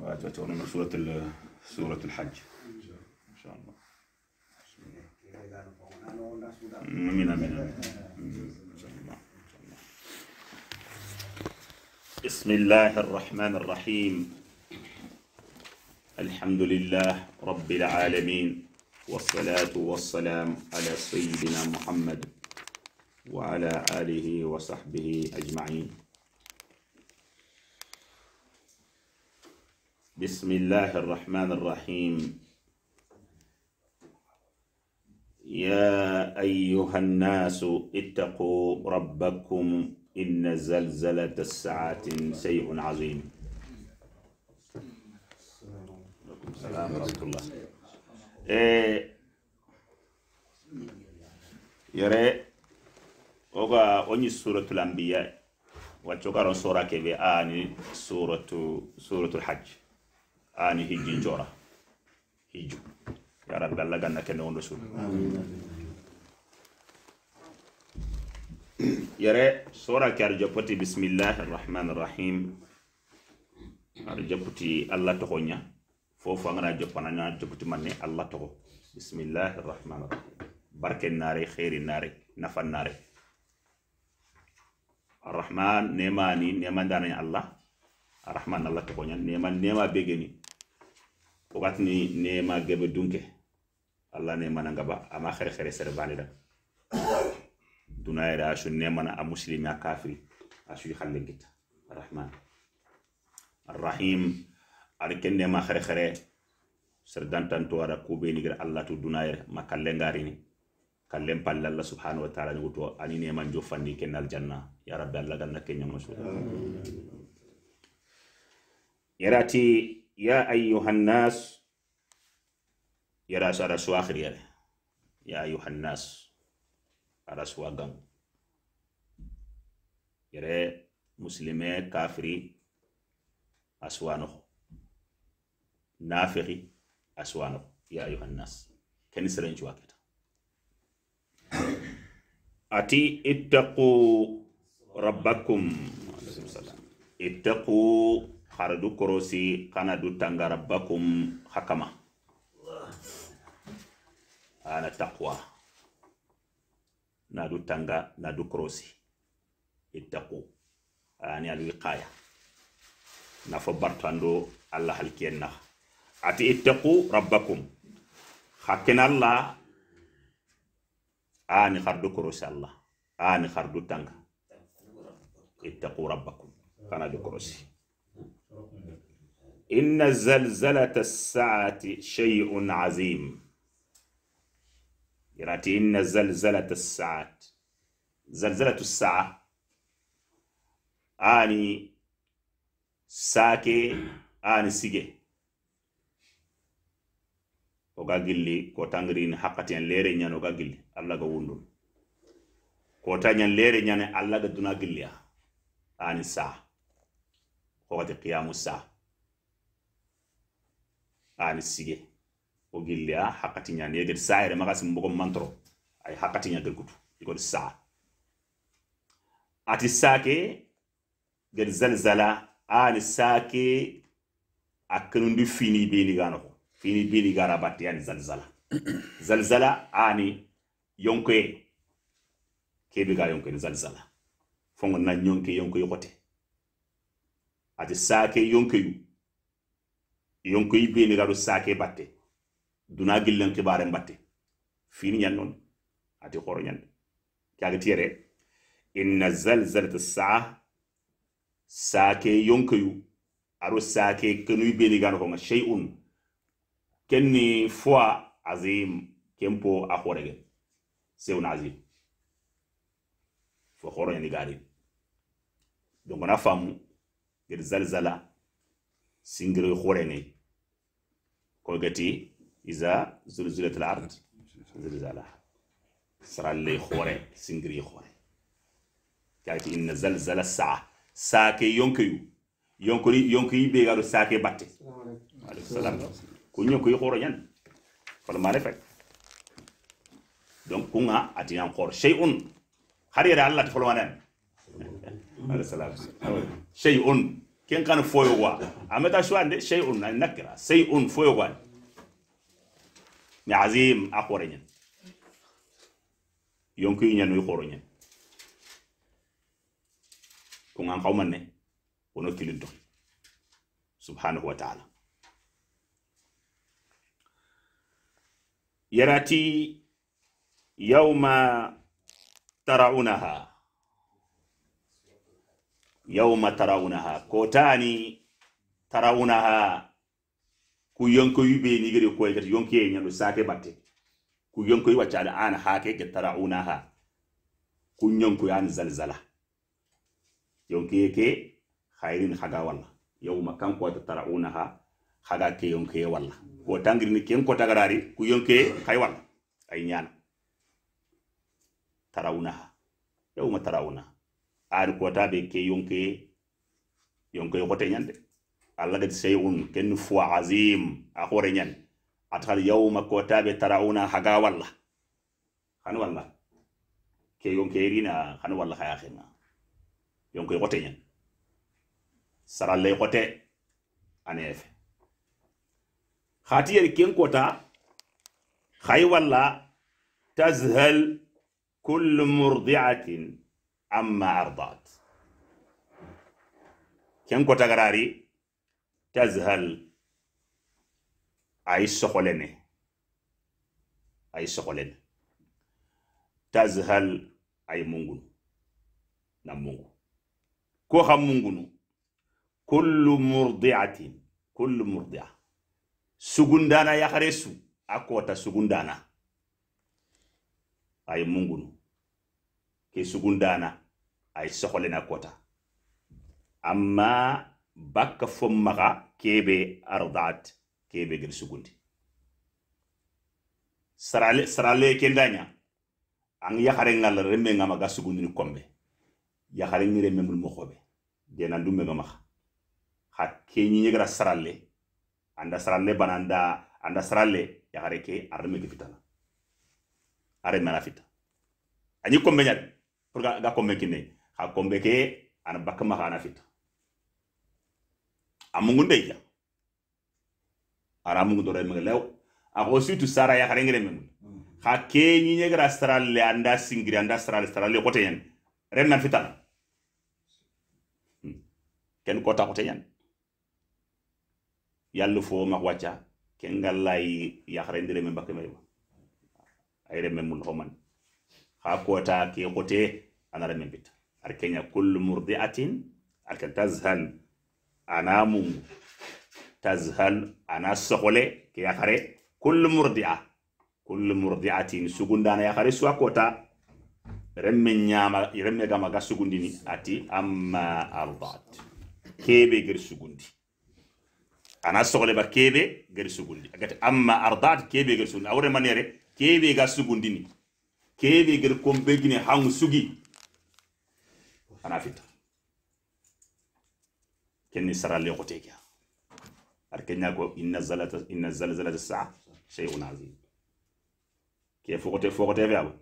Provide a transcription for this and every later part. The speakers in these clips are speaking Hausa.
واتونا سورة سورة الحج إن شاء الله من من بسم الله الرحمن الرحيم الحمد لله رب العالمين والصلاة والسلام على سيدنا محمد وعلى آله وصحبه أجمعين بسم الله الرحمن الرحيم يا أيها الناس اتقوا ربكم إن زلزلة الساعة شيء عظيم السلام ورحمة الله إيه، يرى oga onyi سوره الانبياء wacce سوره كبيرة اني سوره سوره الحج ani hiji jora hijju ya rabbi allah ganna ke wondo sunu yere sora ke ar joppati bismillahi arrahmani ar joppati allah toxo ña fofo angana joppana ña joppati manne allah to bismillahir rahmanir Rahim. barke naare xeeri naare nafa naare arrahman nemani allah Rahman allah toxoña nema nema begeni ne ma gebe dunke allah mana ngaba ama xere xere sere banida dunayeda ne nemana a musulmi a kafiri asuy khalle kitta rahman arrahim ari ken ma xere xere sere be ni gar allah tu dunayere ma ni kalle palle allah subhanahu wa taala ñuguto ani neman jo ken al janna ya rabbi allah ganna kenñangosu yarati ya ayyuhannas yara su arasu akhriyar ya ayyuhannas arasu agan yare muslime kafiri aswano nafiri aswano ya ayyuhannas kani sirin juwa kita ati ittaqu rabbakum ittaqu haradu korosi kana du tangarabbakum hakama ana taqwa na du tanga na du korosi ittaqu ani alwiqaya nafo bartando allah halkiyen ati ittaqu rabbakum hakkin allah ani hardu korosi allah ani hardu tanga ittaqu rabbakum kana du korosi inna zalzalata saati shay'un azim yarati inna zalzalata saat zalzalatu saa ani sake ani sige oga gilli ko tangirin hakkatiyan lere nyano oga gilli allah ga wundun kota ñan lere nyane alla ga duna gilliya ani saa hokati qiyamu saa ani sige o gille a hakatiñani yegeti saire makasi mboko mantro ay hakatiña gel kutu igoti sa ati sake gel zalzala ani sake a kanundi fini beni ganoko fini beni gara batti ani zalzala zalzala ani yonkoye kebe ga yonke ni zalzala fongo na nyonke yonke yokote ati sake yonke yonkeyu yonko yibeni gado sake batte duna gillan kibare batte fini nyan non ati xoro nyan kaga tiere inna zalzalata saa sake yonkoyu aro sake kenuyi beni ko ma shay'un kenni foa azim kempo a horegen sewun azim fo xoro ñani gari donc a faamu gede zalzala singiri ne. كوغتي إذا زلزلت الأرض زلزالها سرى اللي خوري سنجري خوري قالت إن زلزل الساعة ساكي يونكيو يونكي يونكي بيغارو ساكي باتي عليكم السلام كون يونكي خوري ين فلما نفك donc kunga أتيان خور شيء har yara allah ta السلام شيء salam ken kan foyowa ameta shuande shay'un nakira shay'un foyowa ni azim akorenyen yonki nyen wi koronyen ko ngan kawman ne wono kilinto subhanahu wa ta'ala yarati yawma taraunaha yawma tarawunaha kotani tarawunaha ku yonkoyu ɓeni gede koykat yonkoye ñaɗo sake batte ku yonkoyu waccade an hake ge tarawunaha ku yonkoyu an zalzala yonkoye ke hayrin haga walla yawma kankota tarawunaha haga ke yonkoye walla ko tangirini ken ko kotagarari ku yonkoye hay walla ay ñana tarawunaha yawma tarawunaha ar kota be ke yonke yonke yokote nyande allah gati shay'un ken fuwa azim a hore nyande atal yawma kota be tarauna haga walla han walla ke yonke rina han walla haya khina yonke yokote nyande saralle yokote anefe khati yer ken kota khay walla tazhal kul murdi'atin amma ardat ken ko tagarari tazhal ay soxolene ay soxolene tazhal ay mungunu na mungu ko xam mungunu kullu murdi'atin kullu murdi'a sugundana yakhare su akota sugundana ay mungunu ke sugundana ay soxolena kota amma bakka fommaxa kebe ardaat kebe gel sugundi sarale sarale kendaña ang yaxare ngalla remme ngama ga ni kombe yaxare ni remme mul mo xobe dena ndumme ngama xa xa keñi ñegara sarale anda sarale bananda anda sarale yaxare ke arme ke fitana are mana fitana ani kombe ñadi pour ga, ga kombe ne ha kombe ke ana bak ma ana fita amungu ndeya ara mungu dore menga lew a ko situ sara ya kare ngere mengu ha ke ni gra sara le anda singri anda sara le le kote yen ren na fitan hmm. ken kota kote yen yalla fo ma wacha ken gallay ya hare ngere bak bakka ay ayre men mun homan ha kota ke kote ana da min bita arkenya kullu murdi'atin arkan tazhal anamu tazhal ana sokole ke yakare kullu murdi'a sugunda na ya yakare suwa kota remme ñama remme gama ga ni ati amma ardat kebe gari sugundi ana sokole ba kebe gari sugundi agati amma ardat kebe gari sugundi awre manere kebe ga sugundini kebe gari kombe gine hangu sugi أنا فيت كني سرى لي غوتيكا أركني أقول إن الزلزلة إن الزلزلة الساعة شيء عظيم كيف غوتي فوق غوتي فيها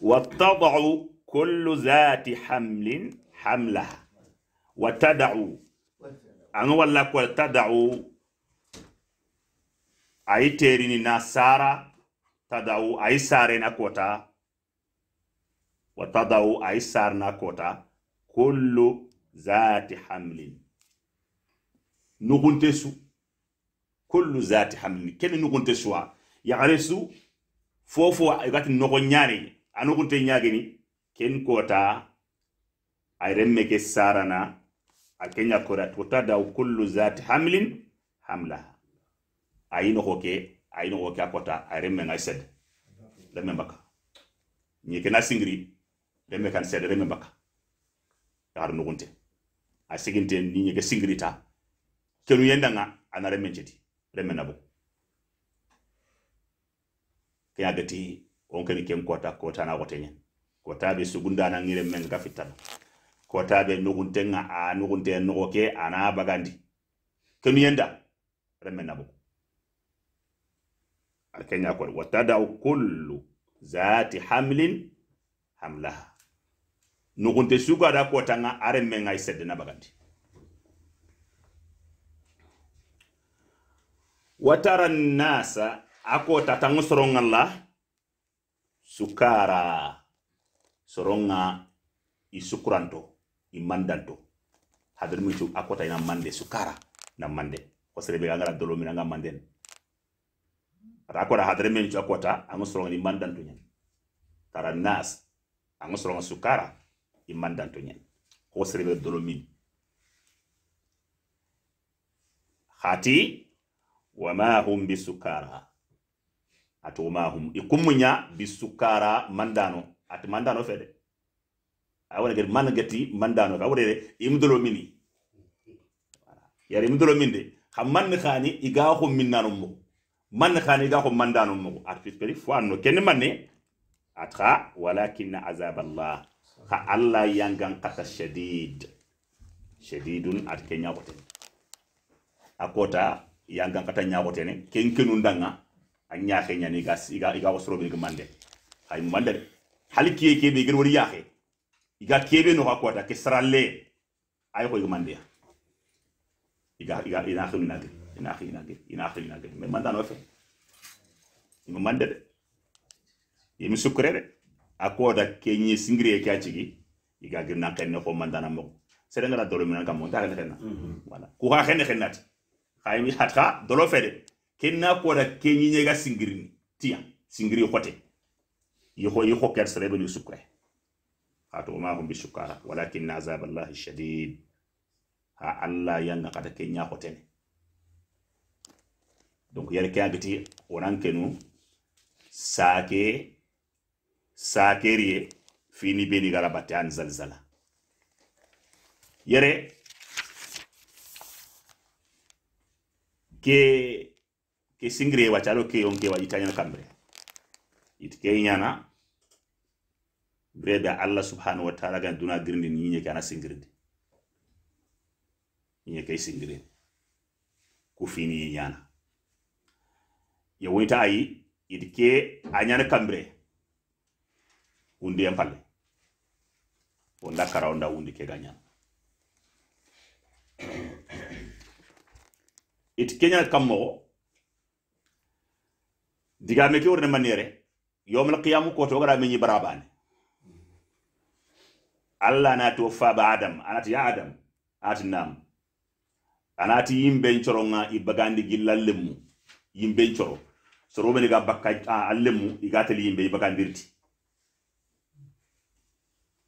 وتضع كل ذات حمل حملها وتدع أنا ولا كل تدع أي تيرين نسارة تدعو أي سارة نكوتا watadau ay sarna kota kullu zati hamlin nugunte su kullu zati hamlin kene nugunte suwa ya su fofo gati nogo ñani a nugunte ñagini ken kota ay remme ke sarana a kenya kora tutadau kullu zati hamlin hamlaha ayi nogo ke ayi nogo ke a kota ay remme ngai sed remme baka ñi na singri remme kan reme remme bakka yahar nugunte a siginte ni ñege singirita kenu yendanga ana remmen ceti remme nabo kaya gati on keni ken kota kota kota na kotana woteñen kotaɓe sugundanangi remmen ga fittano kotaɓe nga a nugunte nogo ke ana bagandi kenu yenda reme nabu Kenya kwa watadau kullu zati hamlin hamlaha nukunte suga da kota nga are menga isede na bagandi watara nasa ako tatangu soronga la sukara soronga isukuranto imandanto hadir mchu ako tayina mande sukara na mande Kwa bega ngara dolo mina nga manden akora mchu ako akota angu soronga imandanto nyen tara nasa angu soronga sukara i man danto ñen ko serebe dolo min hati wama hum bisukara ati wama hum i kummuña bisukara mandano ati mandano fede awone gati man gati mandano fe awodede imu dolo mini yari imu dolo min de ha man i hani iga ho minnano mogo man hani iga ho mandano mogo ati fisperi fo anno kenne manne atra walakinna azab allah ka Allah yangan kata shadid shadidun at kenya ñagoten akota yangan kata nya ñagotene ken kenu ndanga a ñaxe ñani iga iga iga wasoroɓe ga mande hay mande hal ki ki bi gori ya yaxe iga kebe no akota ke saralle ay koy ga ya iga iga ina xinu ina gir ina xi ina gir ina xi ina me mais no fe ga mande de yemi sukkure de a koda kenye singiri ke achigi iga girna kenne ko mandana mo sere ngala dolo mina kam monta kenne kenna mm-hmm. wala ku ha kenne kenna ti khaymi hatka dolo fede kenna da kenye nyega singiri ni tiya singiri khote yiho yiho ker sere be ni sukre hato ma hum bishukara walakin azab allah shadid ha allah yanna kada kenya khote ne donc yar kagiti onan kenu sake sakeriye fini beni gara batte an zalzala yere ke ke singre wa wacalo ke yonke wa itanyana kambre it ke nyana breda allah subhanahu wa ta'ala gan duna grindi ni nyeke ana singirde nyeke singre ku fini nyana yawita ayi it ke anyana kambre undi en palle wonda kara onda undi ke gañan iti keñal kam moxo digame ke worne manere yomul qiyamu ko to gara meñi barabane allah na to fa faba adam anati ya adam ati nam anati yimben coronga ibagandi gillallemu yimben coro soro beni ga bakka allemu igatali yimbe ibagandirti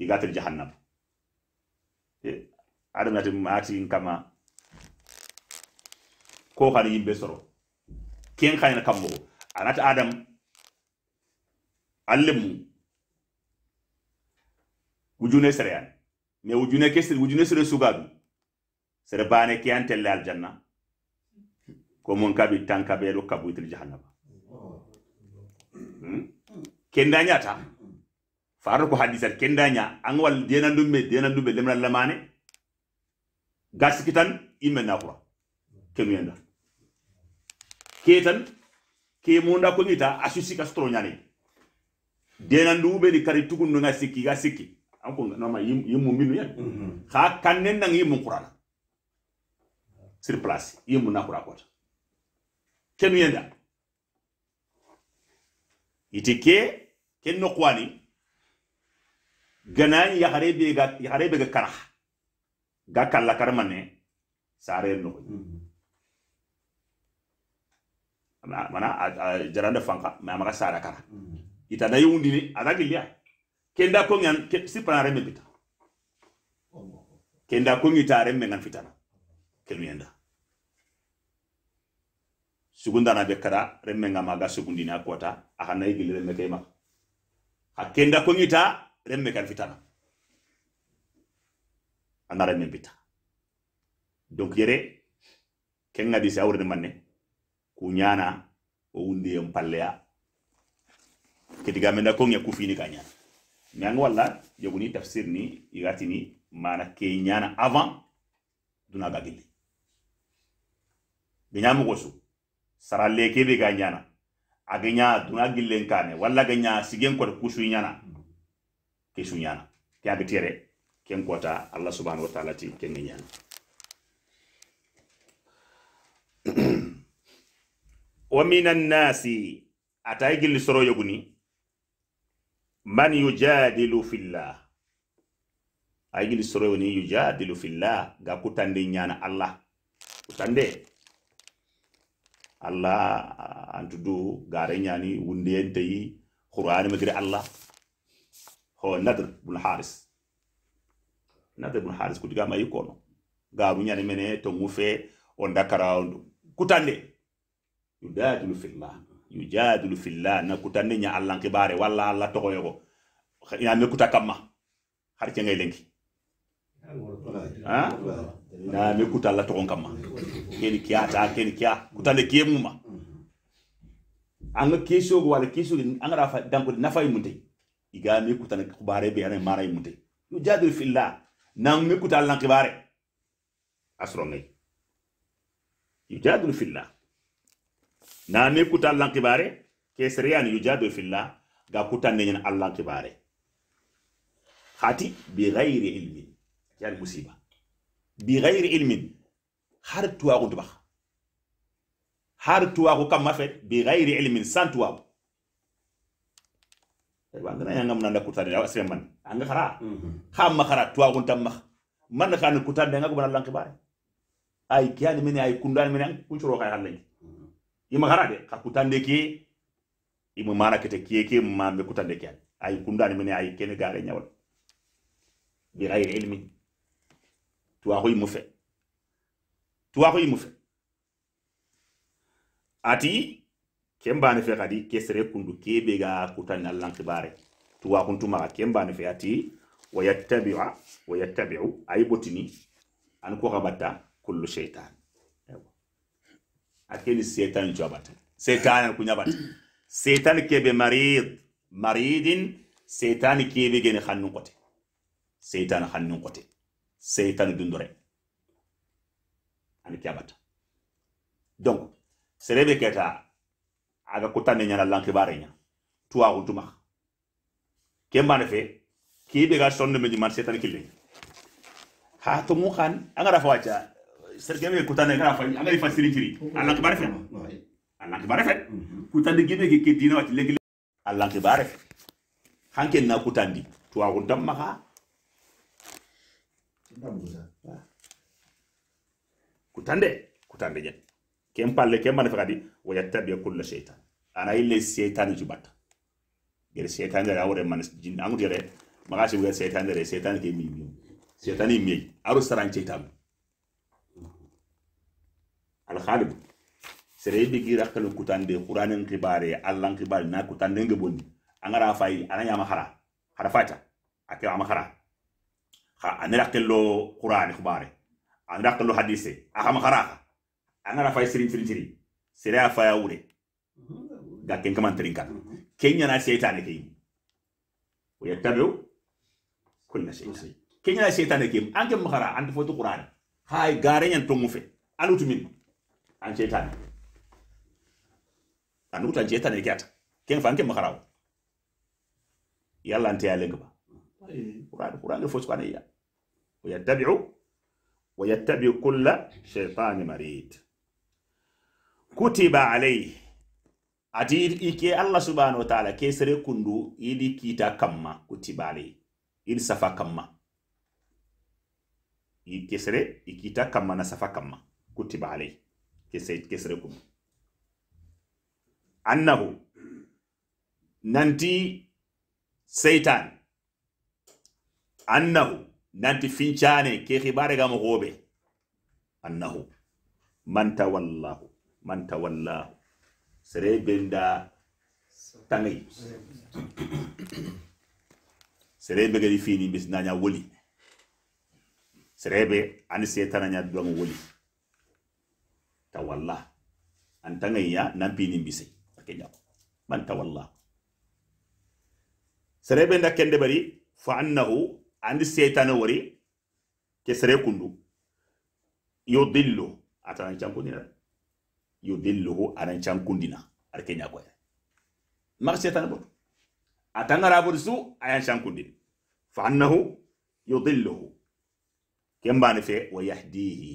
igatel jahannam adam nati matin kama ko xani yimɓe soro ken xayna kam moxo anati adam alle mu wujune sereyani mais wujune ke wujune sere sugadu sere bane ke an telle aljanna ko mon kabi tankaɓeɗo kabuyitel jahannaba kenda ñata faro ko kenda kendanya an wal denan dumbe denan dumbe lemna lamane gasikitan na nakura kenu yenda ketan ke munda ko ngita asusi ka stro nyane denan dumbe ni kari tugun nga sikki ga sikki an ko nama yimu minu yan mhm. kha kannen nang yim qur'an sur place yimu nakura kota kenu yenda itike ken no kwani ganani ya be ga ya karah ga karah ga kala karmane sare no mana jaranda fanka ma ma sara kara mm. ita da yundi ni gilia kenda ko ngan si pa reme bita kenda ko ngi tare me ngan fitana kelu yenda sugunda na bekara maga sugundi na kota ahana me remme kema akenda ko ngita remme kan fitana anna remme bita donc yere ken ngadi se awrede manne ku ñana o wundi en palleya menda ko ku fini ka ñana ñanga walla joguni tafsir ni igatini mana ke ñana avant duna ga gilli ge ñamugo su saralle duna gillen walla ge ña sigen kode kusuyi ñana kisu ñana ke aga tere ken kota allah subhanahu wa ta'ala ti ken ñana wa minan nasi atay gil soro yoguni man yujadilu fillah ay gil soro ni yujadilu fillah ga kutande ñana allah kutande allah antu du gare ñani wundeyen tayi qur'an magri allah ho nadr bun haris nadr bun haris kuti gama yikono garu nyane mene to ngufe on dakara on kutande yudadilu fillah yujadilu fillah na kutande nya allah kibare walla allah to koyo ya me kuta kama har ke ngay lenki ha na me kuta allah to kama keni kiya ta keni kiya kutande kiyemuma anga kisho wala kisho anga rafa danko nafa muntai iga mi kutana kibare be yana mara imute jadu fillah na mi kuta allan kibare asro ngai jadu fillah na mi kuta allan kibare ke seriyan jadu fillah ga kuta ne yana allan kibare khati bi ghairi ilmin yani musiba bi ghairi ilmin har tuwa ko tuba har tuwa ko kam mafet bi ghairi ilmin san tuwa wangana yanga munanda kutani awa sire man anga khara mhm. kham makhara tuwa kunta makh man khan kutani anga kubana lanki bay ay kiyani mini ay kundan an kuchuro kay halengi mhm. ima khara de ka kutan kutande ki ima mana kete ma kiyeke mambe kutande ki ay kundan mini ay kene gare nyawol bi ghayri ilmi tuwa ko imufe tuwa ko imufe ati kembane fe kadi sere kundu kebe ga kutani allan kibare tuwa kuntuma kembane fe ati wa yattabi'a wa yattabi'u ay botini an ko gabata kullu shaytan akeli abata shaytan an kunya bata setan kebe marid maridin setan kebe gene khannu kote shaytan khannu kote setan dundore an kyabata donc serebe keta aga kutane nyana lanke bare nya tuwa kuntuma ke ne fe ki be ga sonde me man setan kille ha to mu khan anga rafa wacha sergeme kutane ga rafa anga ifa siri tiri ala ke bare fe ala ke bare fe kutane gibe ke ke dina wati legi ala ke bare fe hanke na kutandi tuwa damma ha kutande kutande nya ken palle ken mane fakadi wa yattabi'a kulla shaytan ana ille shaytan jubata gere shaytan ga wore man jin angu dire maga shi ga shaytan dire shaytan ke mi mi shaytan mi aru saran shaytan al khalid sere bi gira kala kutande qur'anin qibare allan qibare na kutande ngeboni angara fay ananya mahara hara fata ake amahara ha anira kello qur'ani qibare anira kello hadise aha mahara angana fay sirin sirin sirin sere a faya wure ga ken kaman tirin kan kenya na shaytan ke yi wa yattabi'u kullu shaytan kenya na ne ke an kan mahara an tafi qur'ani hay garenyan to mufe utu min an ne an utan shaytan ke ata ken fa an kan mahara yalla ante ya lenga ba qur'ani qur'ani fo subhanahu wa yattabi'u wa yattabi'u kullu shaytan marid kutiba alai ati ike allah subhanahu wa ta'ala ke sare kundu idi kita kamma kutiba alai idi safa kamma ke sare ikita kamma na safa kamma kutiba alai ke sere ke sere kundu annahu nanti seitan annahu nanti fincane ke xibare ga mogoɓe annahu man tawallahu man tawalla sere benda tangai sere be gari fini bis nanya woli sere be an se tananya don woli tawalla an tangai ya nan pini bisai akenya man tawalla sere benda kende bari fa annahu an se tanawari ke sere kundu yudillu atana jambu ni yo delloho anan kundina ar kenya koy mar setan bo bo su ayan kundin fa annahu yudilluhu kembani fe wa yahdihi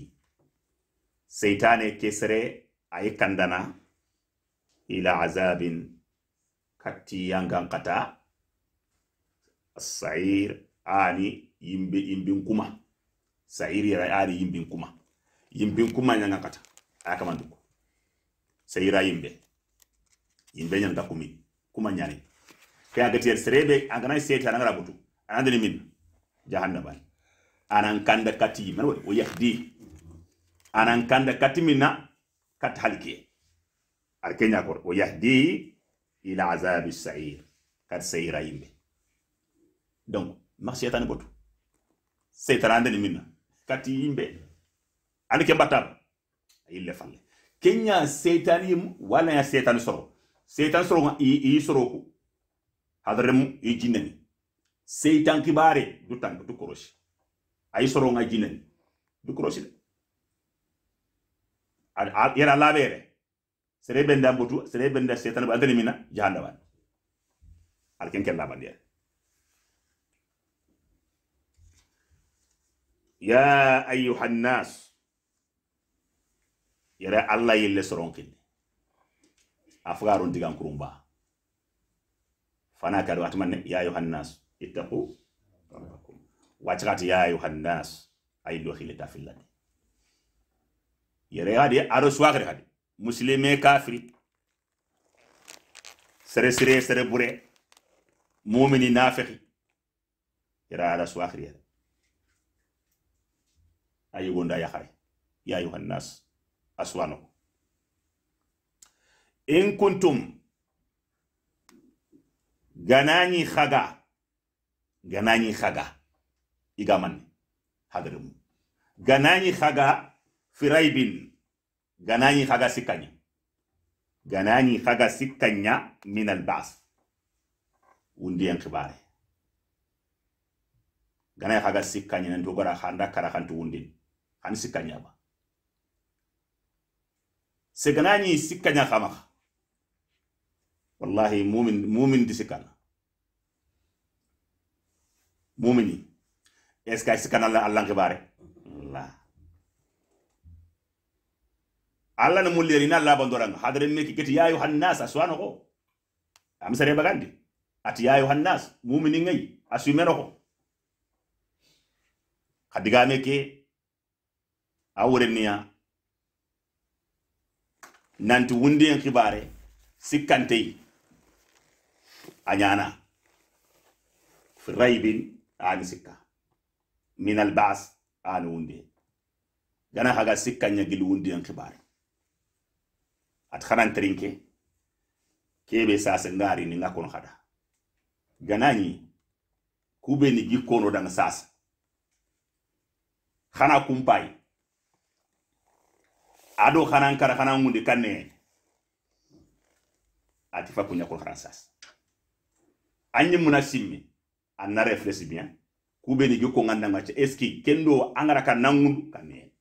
seytane kesere ay kandana ila azabin katti yangan kata sair ani yimbi yimbin kuma sair yara ari yimbin kuma yimbin kuma yangan kata aka manduko seira yimɓe yimɓe ñanta kumi kuma ñani ke agatiyel serebe aganay seeti anagara butu anandini min jahannabani anan kanda kati mana o yahdi anan kanda kati minna kat halkiye alkenya kor o ila azabi sair kat sayira yimɓe donc mak setani botu seytara andani minna kati yimɓe ani ke mbattaba yille falle kenya setani wala ya setani soro setan soro i soro ku hadrem i jinani setan kibare du tan du koroshi ay soro nga jinani du koroshi de yara bere sere benda butu sere benda setan ba adani mina jahandaban alken ken laban bandia ya ayyuhan nas yere alla yille soron kindi afugarun digan kurumba fana kadu atman ya yohannas ittaqu rabbakum watakati ya yohannas ay do khilita fillati yere hadi aro swagre hadi muslime kafiri sere sere sere bure mumini nafiki yere ara swagre yere ayi gonda yakare ya yohannas aswano in kuntum ganani khaga ganani khaga igamanni hagarimu ganani khaga firaibin ganani khaga sikanya ganani khaga sikanya min albas en khibare ganani khaga sikanya nan dogara khanda kara khantu undin han sikanya ba seganañi sikkaña xamaxa wallahi mumin mumin di sikkana mumini est ce que sikkana la allan xibare la alla na mulleri na labandoranga hadare meki geti ya ayuha nnas aswanoxo amisare bagandi ati ya ayuha nnas mumini ngayi asumenoxo xa digame ke a wureniya nanti wundien xibare sikkantey a ñana fi raybin ani sikka min albas ani wunde gana haga sikka ñagil wundien xibare at xananterinke kebe sase ngari ni nga kono xada ganañi kube ni gikkono dang sasa xana kumpayi ado xanan kara xanan ngundi kanne ati fa ko xanan sas anñi muna simmi a na reflexe eh? bien kubeni gi koŋandanga ce est ce kendo angara ka nanŋundu kanne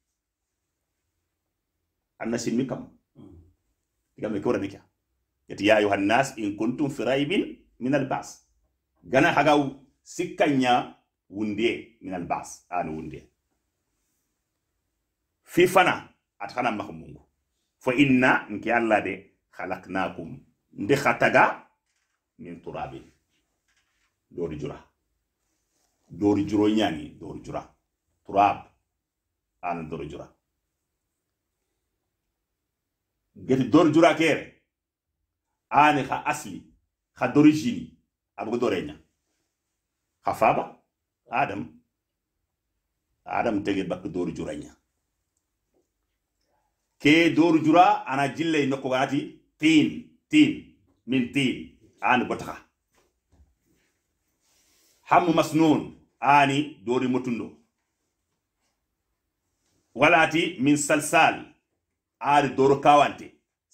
anna simmi kam me ko warani kya yati ya yohannas in kuntum fi raibin min al bas gana haga sikanya wunde min al bas ani wunde fi fana atakana mako mungu fo inna nki alla de khalaqnakum ndi khataga min turabin dori jura dori juro nyani dori jura turab an dori jura geti dori jura kere ani kha asli kha d'origine abugo dorenya kha faba adam adam tege bak dori jura nyani ke dooru jura ana jillay nokko ganati tin tin min tin aani botaka hammu masnun aani doori motundo walaati min salsal aari dooro kawante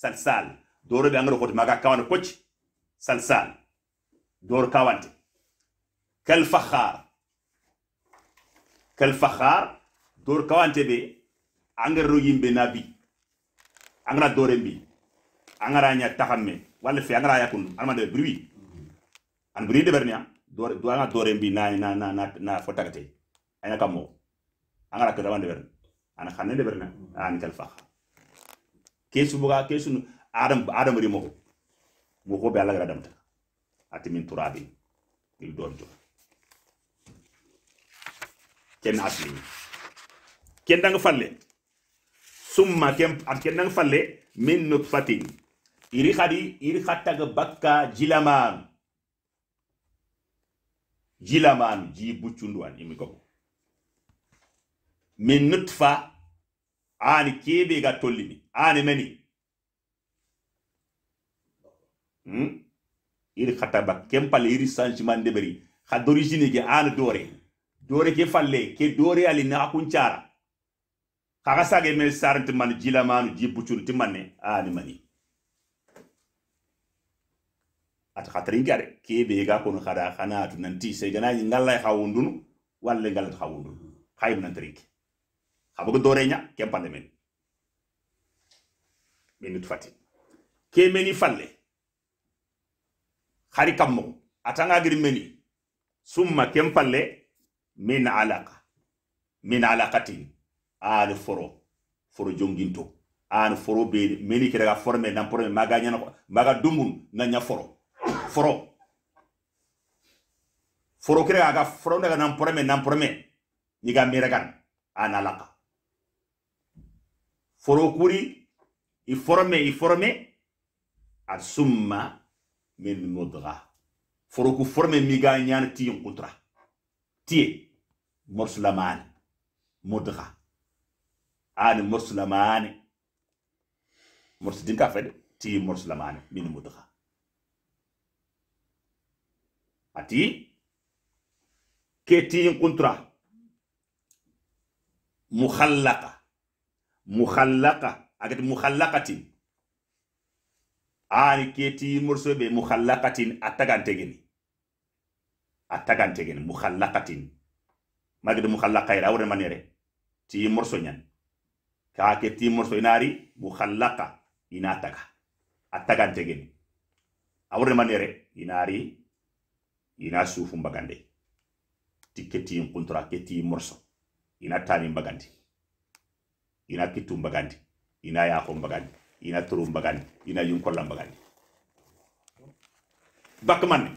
salsal dooro be angaro koti maga kawante kocci salsal dooro kawante kel fahar kel fahar dooro kawante be angaro yimbe nabi angana doren bi angara nya taxamme wala fe angara yakun alma de bruit an bruit de bernia dore do anga doren bi na na na na na fotagate ayna kamo angara ke rawande berne ana xanne de berna an kal fax kesu buga kesu adam adam rimo mo ko be alla gara damta min turabi il don to ken asli ken dang falle summa kem at ken nang falle min nutfatin iri khadi iri khattaga bakka jilaman jilaman ji buccunduwan imi ko min nutfa ani kebe ga tollini ani meni hmm? iri khatta bak kem palle iri changement deberi kha d'origine ke ani dore dore ke falle ke dore ali na kuncara kaga sage me sarinti mani jila manu ji bucunti manne ani mani ata khatarin gare kebe ga kono khada khana tu nanti sai gana ni ngalla khawundun walle ngalla khawundun khayim nan tarik khabugo dore nya kem pande men minute fati ke meni falle khari kammo atanga gir meni summa kem palle min alaqa min alaqatin an foro foro jonginto an foro be meni kira ga forme nan maganya maga nyana dumun na foro foro foro kira ga foro daga nan porme nan porme ni foro kuri i forme i forme A summa min mudra. foro ku forme mi ga nyana tiyin kuntra morsulaman ani mursulamane mursidin ka fede ti mursulamane min mudga ati ke tiyin kuntura mukhallaka mukhallaka agati mukhallakatin ani ke tiyin murso be mukhallakatin atagantegeni atagantegeni mukhallakatin magadi mukhallaka ira awre manere tiyin morso nyani Kake ke so inari mukhallaka ina taga attagante tegen awre manere inari ina sufu mbagande tiketi kuntura keti morso ina tani mbagandi ina kitu mbagandi ina ko mbagandi ina turu mbagandi ina yunkolla mbagandi bakman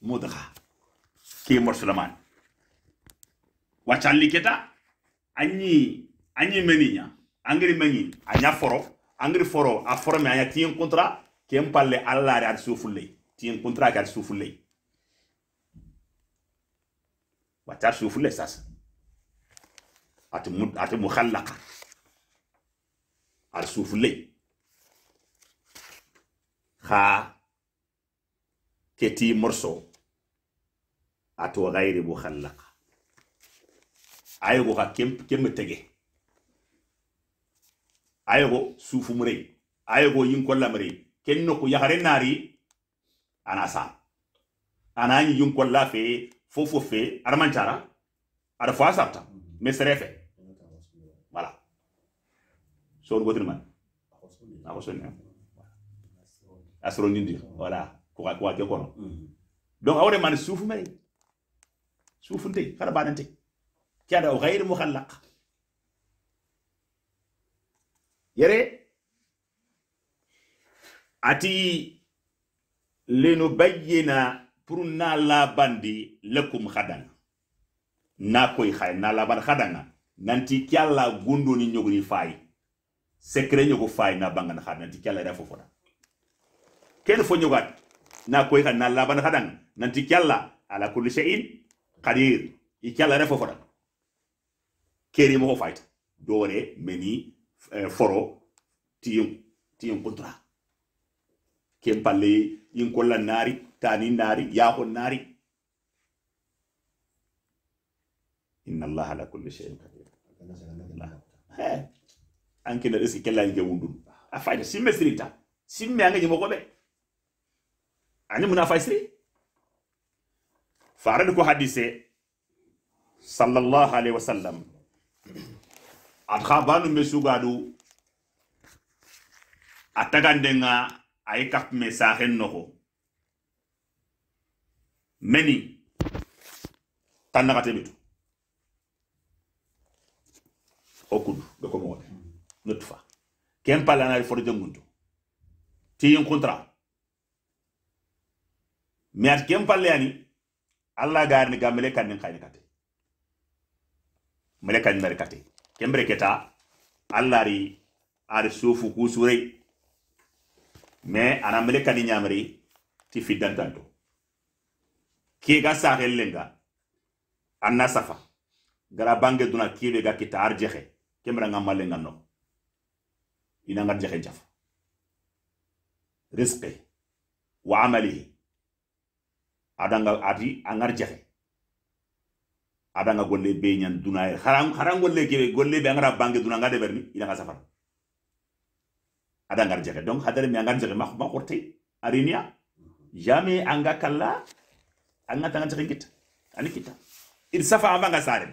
mudgha ki morsulaman wacalli keta anyi anyi meninya angri mengi anya foro angri foro a foro me anya tien kontra ken le alla re sufu le tien kontra ga wa ta sufu le sas at mu at ar sufu le kha keti morso ato gairi mukhallaqa ayo ga kem kem tege ayego sufumure ayego yinkollamre ken no ku yahare nari ana sa ana yi yinkolla fe fofo fe armancara ada fo asarta mesere fe voilà so on gotin man ako a eh. asro nindi voilà ko ka ko ke kono donc awre man sufumere sufunte kada badante kada ghayr mukhallaq yere ati lenu bayyina pour na labandi lakum khadana na koy khay na laban khadana nanti kyalla gundo ni nyogri fay secret nyogo fay na bangana khadana nanti kyalla da fofona ken fo nyogat na koy khay na laban khadana nanti kyalla ala kulli shay'in qadir ikyalla da fofona keri mo fayta dore meni Eh, foro tiyen tiyen kontra ken palle yin kolla nari tani nari yaho nari inna allaha ala kulli shay'in qadir anki na da kella nge wundun a fayda simme sirita simme anga nge kobe ani muna fay siri farade ko hadise sallallahu alaihi wasallam aka banu be sugadu atagandenga ay kap me sahen noho meni tanaka tebetu okudu be ko mo nutfa ken pala na for jangunto ti yin kontra mi at ken pala yani alla garni gamele kan nin kayni kate mele kan mari kate kembre keta allari ari sufu kusure me ana mele kani nyamri ti fiddantanto ke ga helenga anna safa gara bange duna ga kita ar jexe kemberanga no nga jexe jafa risqe wa amali adanga adi angar jexe adanga golle be nyan dunaye harang haram golle ke golle be ngara bangi dunanga de berni ina kasafar adanga jere donc hadare ya, mi angar jere mak ma korte arinia jame anga kala anga tanga jere kita ani kita il safa avanga sare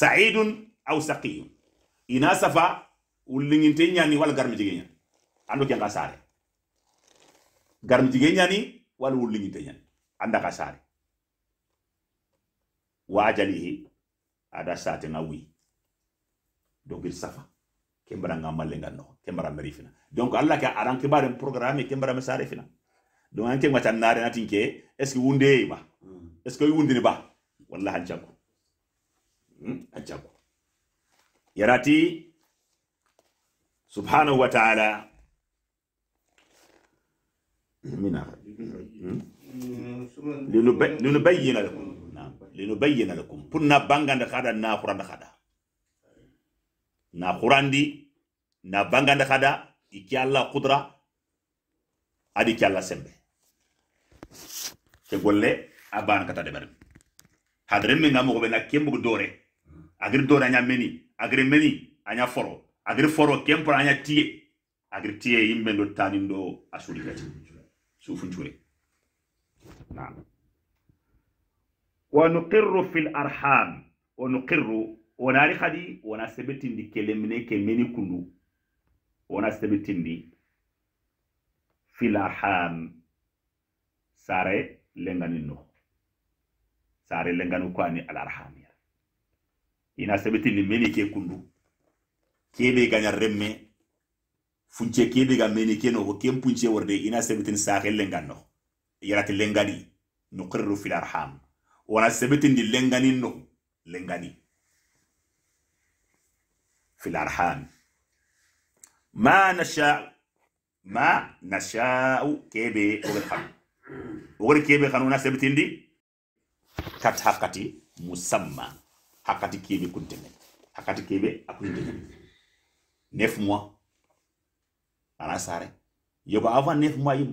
sa'idun aw saqiyun ina safa ulinginte nyani wal garmi jigenya ando ke nga sare garmi jigenya ni wal ulinginte nyani anda ka sare wa ajalihi ada sati na wi donc safa kembara nga malenga no kembara merifina donc allah ka aran ke bare programme kembara mesare fina donc anke ngata nare na ke est ce wunde ba hmm. est ce wunde ba wallahi an jago an jago yarati subhanahu wa ta'ala mina hmm? linubayyina lakum linubayyina lakum pour na banganda kada na quranda kada na qurandi na banganda kada iki allah kudra, adi ki alla sembe ke golle aban kata debar Hadrim min ngamo be na kembu dore agri dore anya meni agri meni anya foro agri foro kempo anya tiye, agri tiye yimbe ndo tani ndo asuli gati sufun chule, Naam, wanuqiru fil arham wanuqiru wonari hadi wona sebetindi kelemine ke meni kundu wona sebetindi fil arham sare lengani no sare lengani ko ani al arham ya ina sebetindi meni ke kundu kebe ganya remme funce kebe ga meni ke no ko kempunce worde ina sebetindi sare lengani no yarati lengani nuqirru fil arham wana sebetindi lengani no lengani fil arham ma nasha ma nasha'u kebe ogel khan ogel kebe khan wana sebetindi kat hakati musamma hakati kebe kuntene hakati kebe akuntene neuf mois ana sare yogo avant neuf mois yim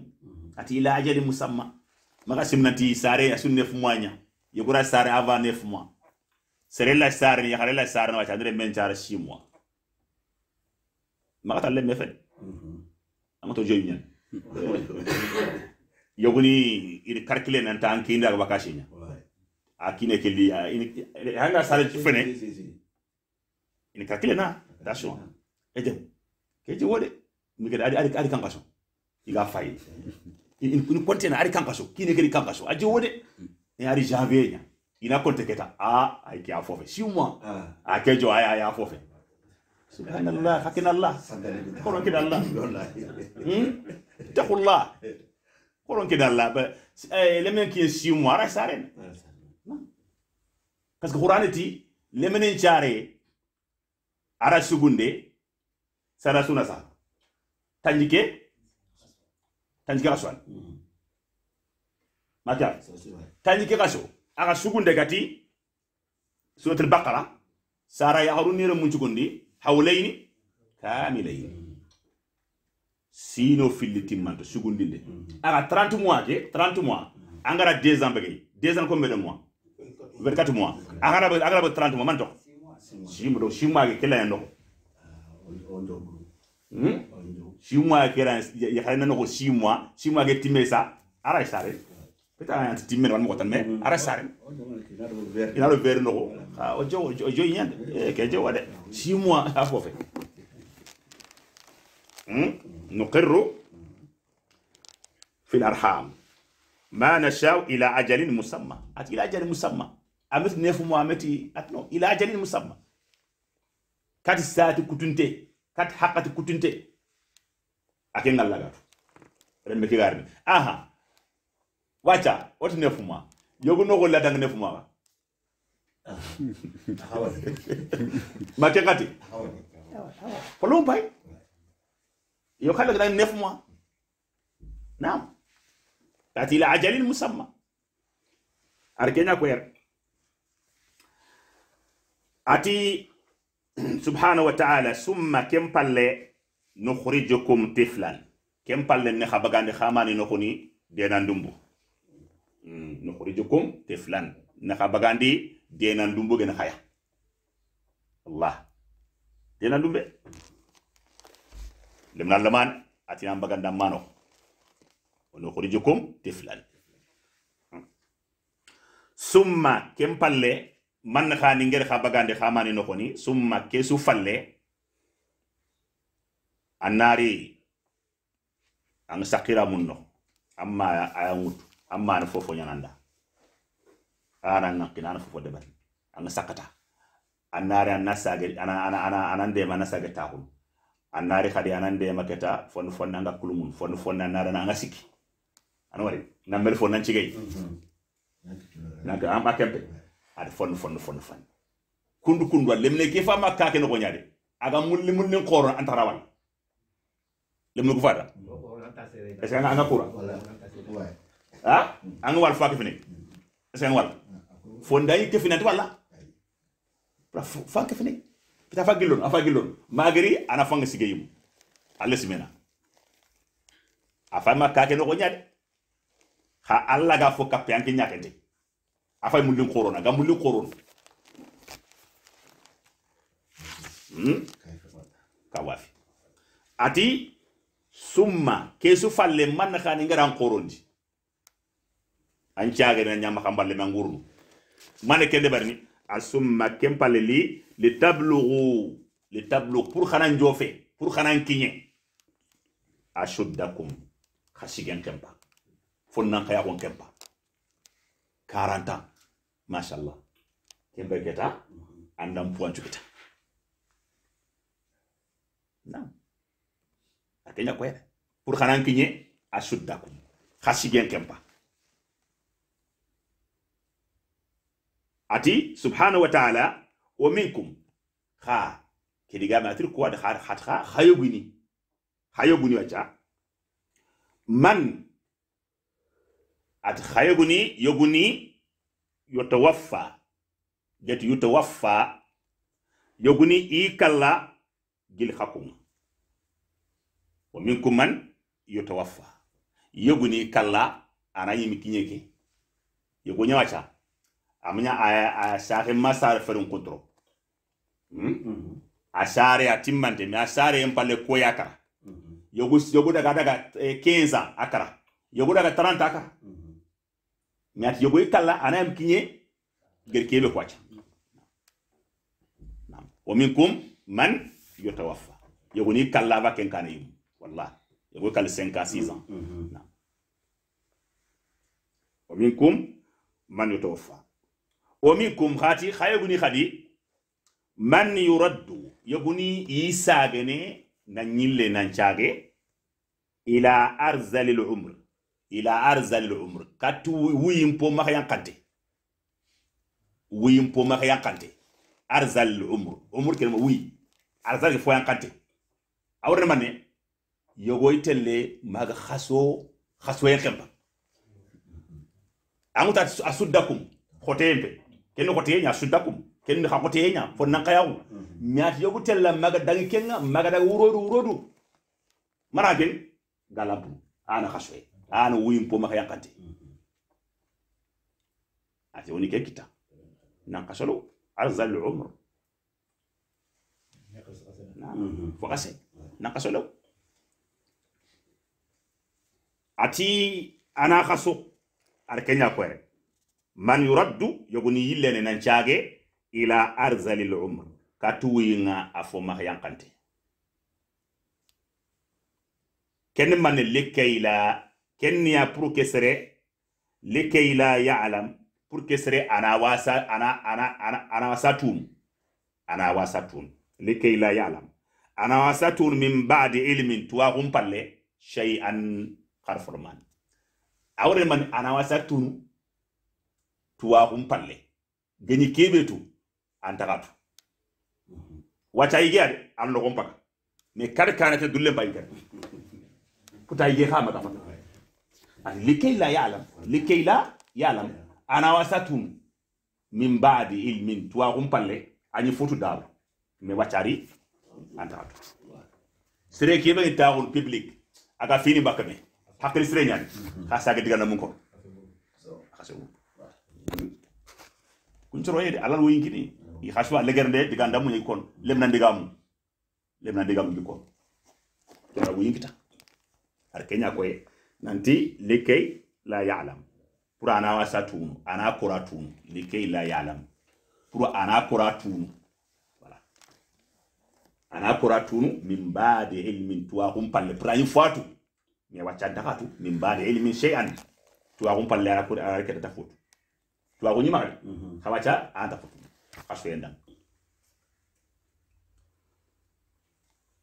ati ila ajali musamma maka simnati sare asun nef moanya yogura sare avant nef mois serela sare yakarela sare na chandre men char shi mois maga talle me fed mhm. amato joyu nyan yoguni ir calculer nan tan kinda ga bakashinya akine kelli hanga sare fene ini calculer na attention edem keje wode mi ke adi adi kan kaso iga fayi in konte na ari kankaso kine keri kankaso aje wode mm. ni ari janvier nya ina konte keta a ay ki afofe si mo ah. a kejo ay ay afofe subhanallah hakinallah koron ki dalla hmm taqullah koron ki dalla ba eh, lemen ki si mo ara saren parce que qur'anati lemen en chare ara sugunde sara suna tanjike tanjike kaso ala mm. mata tanjike kaso aga sugunde gati suratul baqara sara yaharu nira muncugondi hawlayni kamilayni mm. sino filli timmanto sugundinde mm. aga 30 mois de 30 mois angara 2 ans begay 2 ans combien de mois 24 mois agara agara 30 mois man tok simo do simo age kelayen ah, do hmm shimwa kera ya kana no shimwa shimwa ke timesa ara sare peta ana timme wan mo tanme ara sare ina ro ver no o jo o jo yan ke jo wade shimwa afo fe نقر في الارحام ما نشاء الى اجل مسمى ات الى اجل مسمى امت نفو مامتي اتنو الى اجل مسمى كات ساعه كوتنتي كات حقه كوتنتي ake ngallaga rembe ke garni aha wacha wati nefuma yogu nogo ladang nefuma ba make kati kolum pay yo kala gadan nefuma nam tati ila ajalin musamma arkenya kwer ati subhanahu wa ta'ala summa kempalle nukhrijukum tiflan kem palle ne khabagande khamani no khoni denandumbu mm, nukhrijukum tiflan ne khabagandi denandumbu gen khaya allah denandumbe lemna laman atina baganda mano nukhrijukum tiflan summa kem palle man khani ngere khabagande khamani no khoni summa kesu falle annari an sakira munno amma aya ngutu amma an fofo nyananda ana ngakina an fofo debar an sakata annari an nasage ana ana ana anande mana sage tahul annari khadi anande maketa fon fon nanga kulumun fon fon nanara nanga siki an wari namel fon nan cigay nanga am akembe ad fon fon fon fon kundu kundu lemne ke fama ka no nyade aga mulli mulli qoron antarawan lemnu ko fada est ce nga anga kura ha ang wal fa ke fini est ce nga wal fondayi ke fini wala fa ke fini pita fa gilon fa gilon magri ana fanga sigeyum alla simena afa ma ka ke no nyaade ha alla ga fo kappe anke nyakete afa lim korona ga lim korona hmm kawafi ati summa kesu falle man khani ngaran qorondi an ciage na nyama kamballe man gurnu mane kende barni asumma kempalle li li tablughu li tablugh pour khana njofe pour khana kinye ashuddakum khashigen kempa fonnan khaya kon kempa 40 ans mashallah kembe keta andam puan cukita a akenya kwere pour xanan kiñe a suddakum xa sigen kempa ati subhanahu wa ta'ala wa minkum xa kidigame atir kuwade xat xa xayoguni xayoguni wacca man ati xayoguni yoguni yotawaffa geti yutawaffa yoguni i kalla gil xakunga wa minkum man yutawaffa yeguni kalla ana yimi kinyeke yego nyawacha amanya aya aya sare masar ferin kontro hmm? mm -hmm. asare atimmante mi asare empale koyakara mm -hmm. yogo yogo daga daga eh, 15 akara yogo daga 30 akara mm -hmm. mi ati yogo kalla ana yimi kinye gerkebe kwacha wa minkum man yutawaffa yogoni kallaba kenkane yimu والله يقول كان 5 6 نعم ومنكم من يتوفى ومنكم خاتي خايغني خدي من يرد يغني يساغني نانيل نانشاغي الى ارذل العمر الى ارذل العمر كاتو ويمبو ما ينقدي ويمبو ما ينقدي ارذل العمر عمر كلمه وي ارذل فو ينقدي اورن ماني yogoy telle maga khaso khaso yakamba amuta asuddakum khotembe ken khote nya asuddakum ken kha khote nya fonna kayawu nyat yogu tella maga dagi kenga maga dagi urodu urodu maragen galabu ana khaso ana wuyim po maka yakante ati woni kekita nan kasalo arzal umr نعم فغسل نقص له ati ana khaso ar kenya kwere man yuraddu yogoni yillene nan caage ila arzali umr ka afo a fo maha yankante kenni manne likkeyla kenniya pour ke sere likkeyla yalam pour ke sere ana wasa ana ana ana ana wasa tun ana wasa tun likkeyla yalam ana wasa tun min ba'di ilmin tuwa kumpalle shay'an har forman awre man anawasa tunu tuwa hum palle geni kebe tu antagatu wata ige ade an logon paka me kar kana te dulle bay kar kuta ige khama ta fata ani likay la alam likay la alam anawasa tunu min ba'di ilmin tuwa hum palle ani fotu dawo me wachari antagatu sere kebe ni tagun public aga fini bakame hakkili sire ñani ha sage digana mun kono akase wum kuñ soro yede alal woyin kini i hasuwa legernde diganda mun yi kono lemna ndigamu lemna ndigamu bi kono jora woyin kita ar kenya koye nanti likay la ya'lam pura ana wasa tunu ana kora tunu likay la ya'lam pura ana kora tunu ana kora tunu min ba'di ilmin tuwa hum palle pour ayin fatu mais waccanta xatu min ili ilmin shay'an tuwaxum palle ara kur ara keta ta futu tuwaxu ñimaxe xa mhm. wacca anta futu xa suye ndang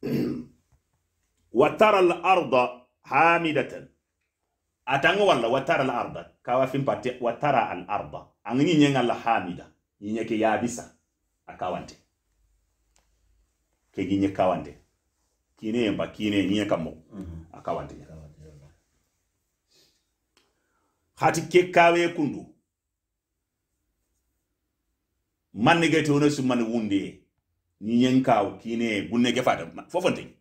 wa tara al arda hamidatan atanga walla wa tara al arda kawa fin patte wa tara al arda angini nyenga la hamida ya yabisa akawante kegi nyekawante kine yemba kine nyeka mo mhm. akawante nyeka hati kekkawe kundu manne ge tono su man wunde ni yenkaw e kine gunne ge fata fofonte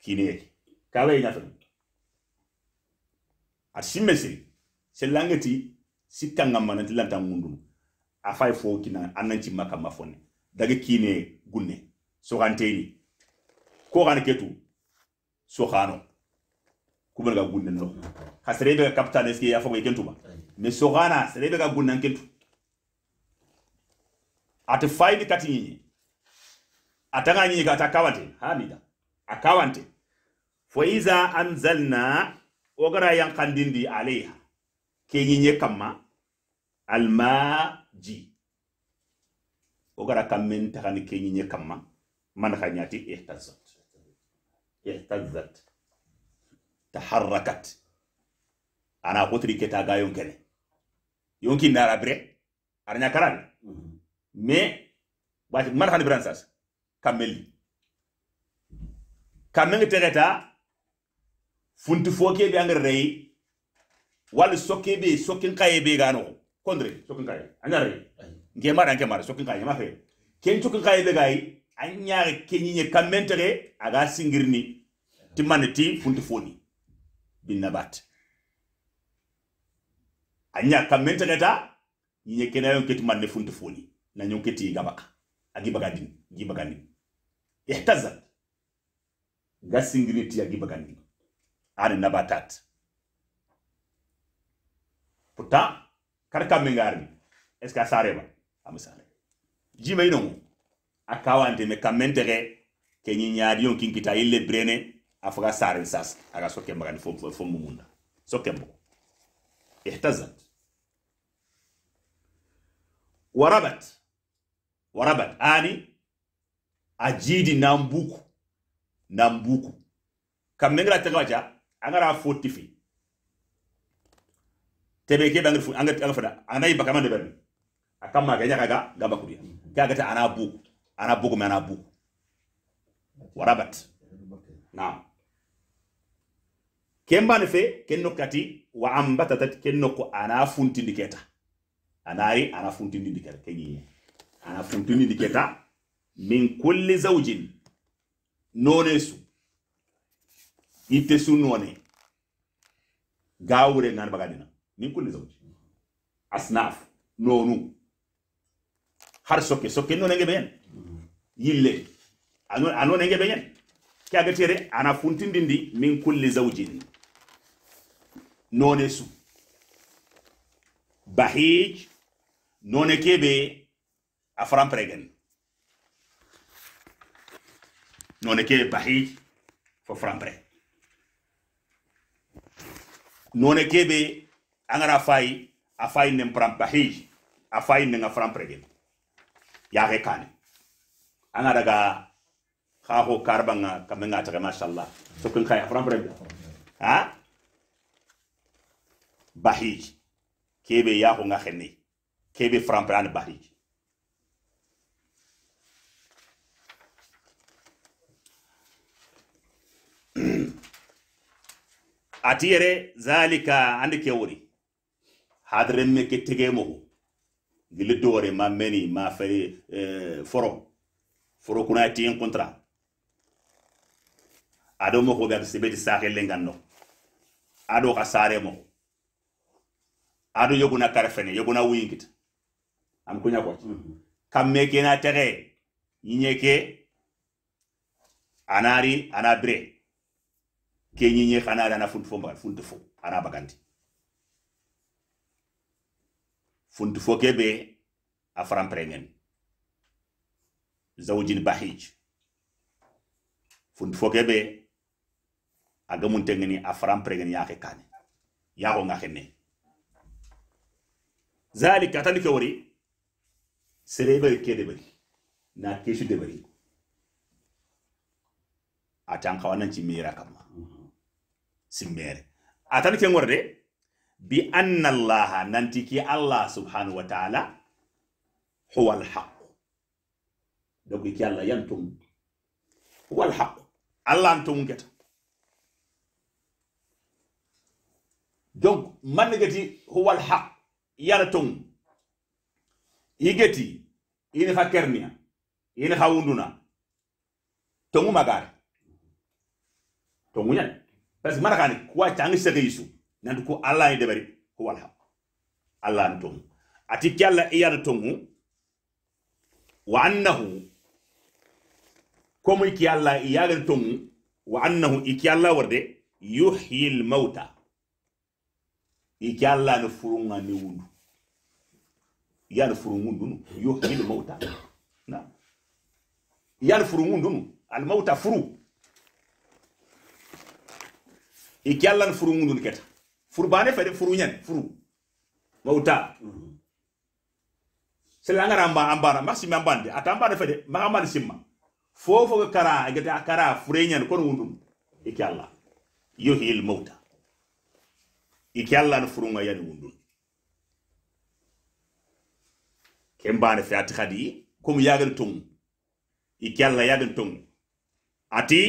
kine kawe nya tan at simmesi se langati sikkanga mananti lantan mundu a fay fo kina ci maka mafone daga kine gunne sokanteni ko kan ketu sokano kuma ga gunnan no ka serebe ga kaptana eske ya fago ikentu e ba me so gana serebe ga gunnan kentu at five kati nyinyi atanga nyinyi kata kawante hamida akawante fo iza anzalna ogara yan kandindi alaiha ke nyinyi kama alma ji ogara kammen tagani ke nyinyi kama man khanyati ihtazat ihtazat taharrakat ana kotri keta ga yonkene yonki nara bre arnya karan me bati man han bransas kamelli kamengi tegeta funti foke be angar rei wal sokke be sokin kaye be gano kondre sokin kaye anya rei nge mara nge mara sokin kaye ma fe ken sokin kaye be gai anya kenyi ne kamentere aga singirni timani ti foni binabat anya kamen tagata nyinye kena yon ketu manne funti foni na nyon keti gabaka agi agibagandin gibagandin ihtazat gasingriti agibagandin ani nabatat pourtant kar kamen garni est ce que sareba amusale jima ino akawante me kamen tege kenyi nyaadi yon kinkita ille brene afaga sarin sasa aga so kemba ni fom fom munda so kembo ihtazat warabat warabat ani ajidi nambuku nambuku kamengra waja angara fotifi tebe ke bangir fu anga anga fada anai bakama de bani akama kaga gamba kudia kaga ta anabu buku ana buku mana warabat na'am kembani fe ken no kati wa ambatatat ken no ko ana funtindi keta anari ana funtindindi keta kenyiye ana funtindindi keta min kulli zawjin nonesu ite su none gawure nan bagadina min kulli zawjin asnaf nonu har soke soke none nge ben yille anon anon ngebe yen kya gatere ana funtindindi min kulli zawjin none su bahij none kebe a faran pregen none kebe bahij fo faran pre none kebe angara fai a fai nem pram bahij a fai nem a faran pregen ya ke kane angara ga khaho karbanga kamenga tagama shallah sokun kai a faran pregen ha bahiji kebe yahu nga khenni kebe frampran bahiji ati yere zalika andi ke wuri hadremme ke tege mo gili dore ma meni ma fere eh, foro foro kuna ti en kontra ado mo ko be sibeti saxe lengan no ado ka sare mo ado yoguna karfene yoguna wingit am kunya ko mm -hmm. ke na tere nyeke anari ana ke nyinye khana ana funtu fo funtu fo ana baganti funtu fo kebe afram premien zawjin bahij funtu fo kebe agamun tengeni afram premien yake kane yago ngakene zalika ka wari sirai bari ke bari na ke shi bari a can kawa nan ci mera kama sin mere a talken warde bi anna allah nan tiki allah subhanahu wa ta'ala huwa haq da ku ki allah yantum huwa haq allah antum geta donc man gati huwa alhaq yaratung tong igeti ini ha kernia ini ha wunduna tongu magar tongu nyan parce mara kani kwa changi sege isu nandu ko alla ni debari ko walha alla ni ati kyalla iyana tongu wa annahu komu kyalla alla iyaga tongu wa annahu ikyalla warde yuhyil mautah i ke alla ni furu ni wundu yar furu ngundu nu yuhil mauta na yar furu ngundu nu ani mawuta furu ike alla ni furu ngundu ni keta furu bane fede furu nyen furu mauta sele angara amba ambara maximum de ata ambande fede maxamani simma fofo kara gata kara fure nyen kon wundu ike alla yuhil mawuta. iki allah ni furunga yani wundun ken bane fe ati hadi komi yagal tong iki alla yagal tong ati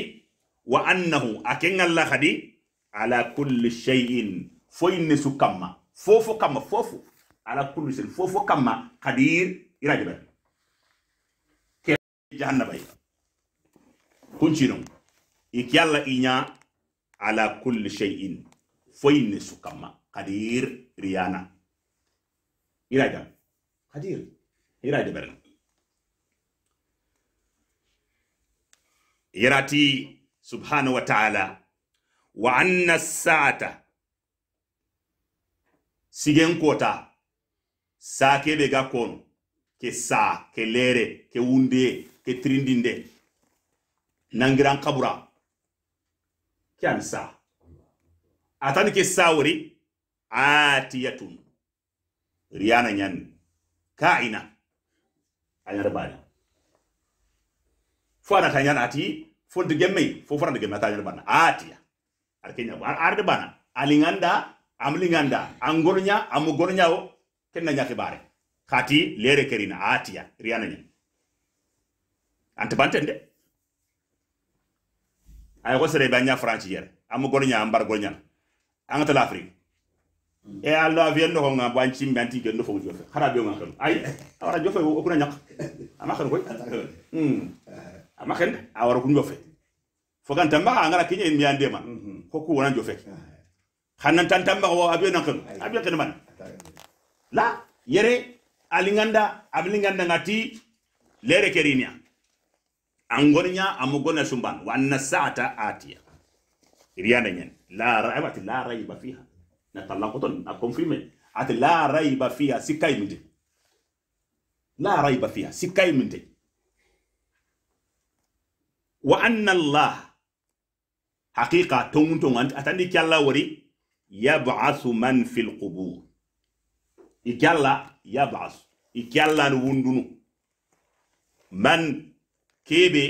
wa annahu aken allah hadi ala kulli shay'in fo ne su kamma fofo kamma fofo ala kulli shay'in fofo kamma qadir irajiba ke jahannabay kuncinon iki allah inya ala kulli shay'in ne sukama kadir riyana irayda kadir irayde ɓerna yarati subhanahu wa ta'ala wa anna sa'ata sigen kota be ga kon ke sa ke lere ke wunde ke trindinde nangiran kabura kyan sa atani ke sawri atiyatun riana nyanni kaina anyar bana fuana ana ati fo de gemme fo de gemme bana atiya ar arde bana alinganda amlinganda angolnya amugornya o kenna nyake bare khati lere kerina atiya riana nyanni antibante nde ayo sere banya franci yere an ta l'afrique mm. e alla vien no nga ban chim ban gendo fo jofe khara be ngal ay awara jofe o kuna nyak ama khen koy hmm ama khen awara kun jofe fo kan tamba ngara kinye mi ande ma ko mm-hmm. ku wona jofe khanan ah, eh. tan tamba o abe na kan abe kan man la yere alinganda ablinganda ngati lere kerinya angornya amugona sumban wanna saata atia riyana ñen la raiba ati la raiba fiha na tallakoton a confirme ati la raiba fiha sikkay minte la raiba fiha sikkay minte wa anna allah haqiqa tongun tongu atandi kyalla wari yab'athu man fil qubur ikyalla yab'athu man kebe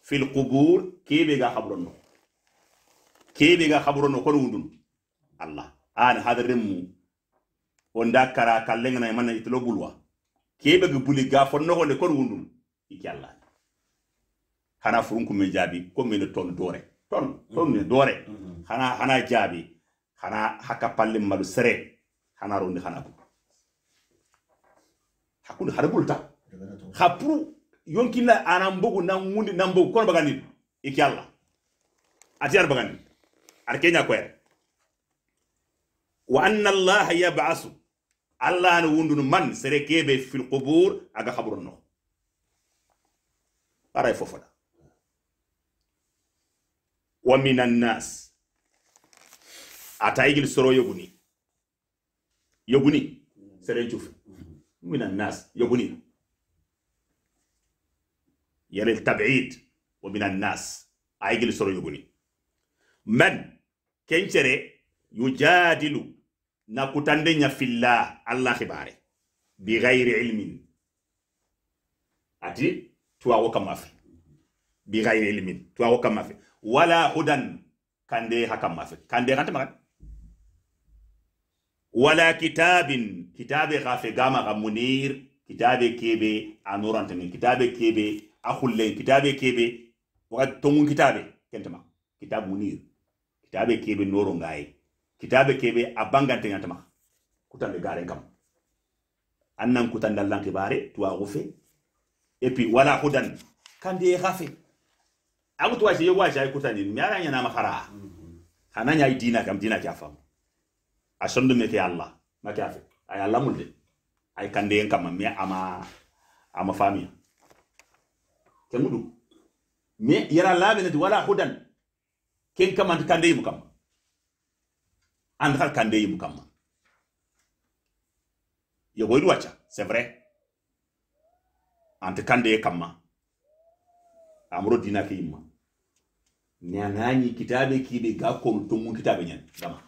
fil qubur kebe ga habronno kebe ga khabro no kono wundun allah an hadaremu onda kara kallenga na mana itlo bulwa kebe ga buli ga fonno ko ne kono wundun iki allah hana furun kun jabi ko min ton dore ton ton ne dore hana hana jabi hana haka palle malu sere hana rondi hana ko hakun harbulta hapru yonkina anambugu na ngundi nambogu kono bagandi iki allah ati arbagandi arkenya kwere wa anna allah yab'asu allah no wundunu man sere kebe fil qubur aga khabru no aray fofoda wa minan nas atayigil soro yoguni yoguni sere jufu minan nas yoguni yare tab'id wa minan nas ayigil soro yoguni man kencere yujadilu na kutande nya filla allah khibare bi ghairi ilmin ati tuwa woka mafi bi ghairi ilmin tuwa woka mafi wala hudan kande haka mafi kande kante makan wala kitabin kitabe gafe gama ga munir kitabe kebe anurantanin kitabe kebe akhulle kitabe kebe wakati tongun kitabe kente kentama kitab munir kitabe kebe noro ngai kitabe kebe abangante kutan kutambe garen kam annan kutanda lan kibare tuwa et epi wala hudan kandi gafe agu tuwa shi yewa shi kutani miara nyana makara mm-hmm. hanan yayi idina kam dina afam fam asondu meke allah afi ay allah mulde ay kande en kam me ama ama famiya kemudu me yara labe ne wala hudan ken kam anta kande yimu kam anta kal kande yimu kamma ya, yogoyidu wacha c'est vrai kande ye kamma amro dina ke yimma kitabe kibe ga kono tumu kitabe nyen dama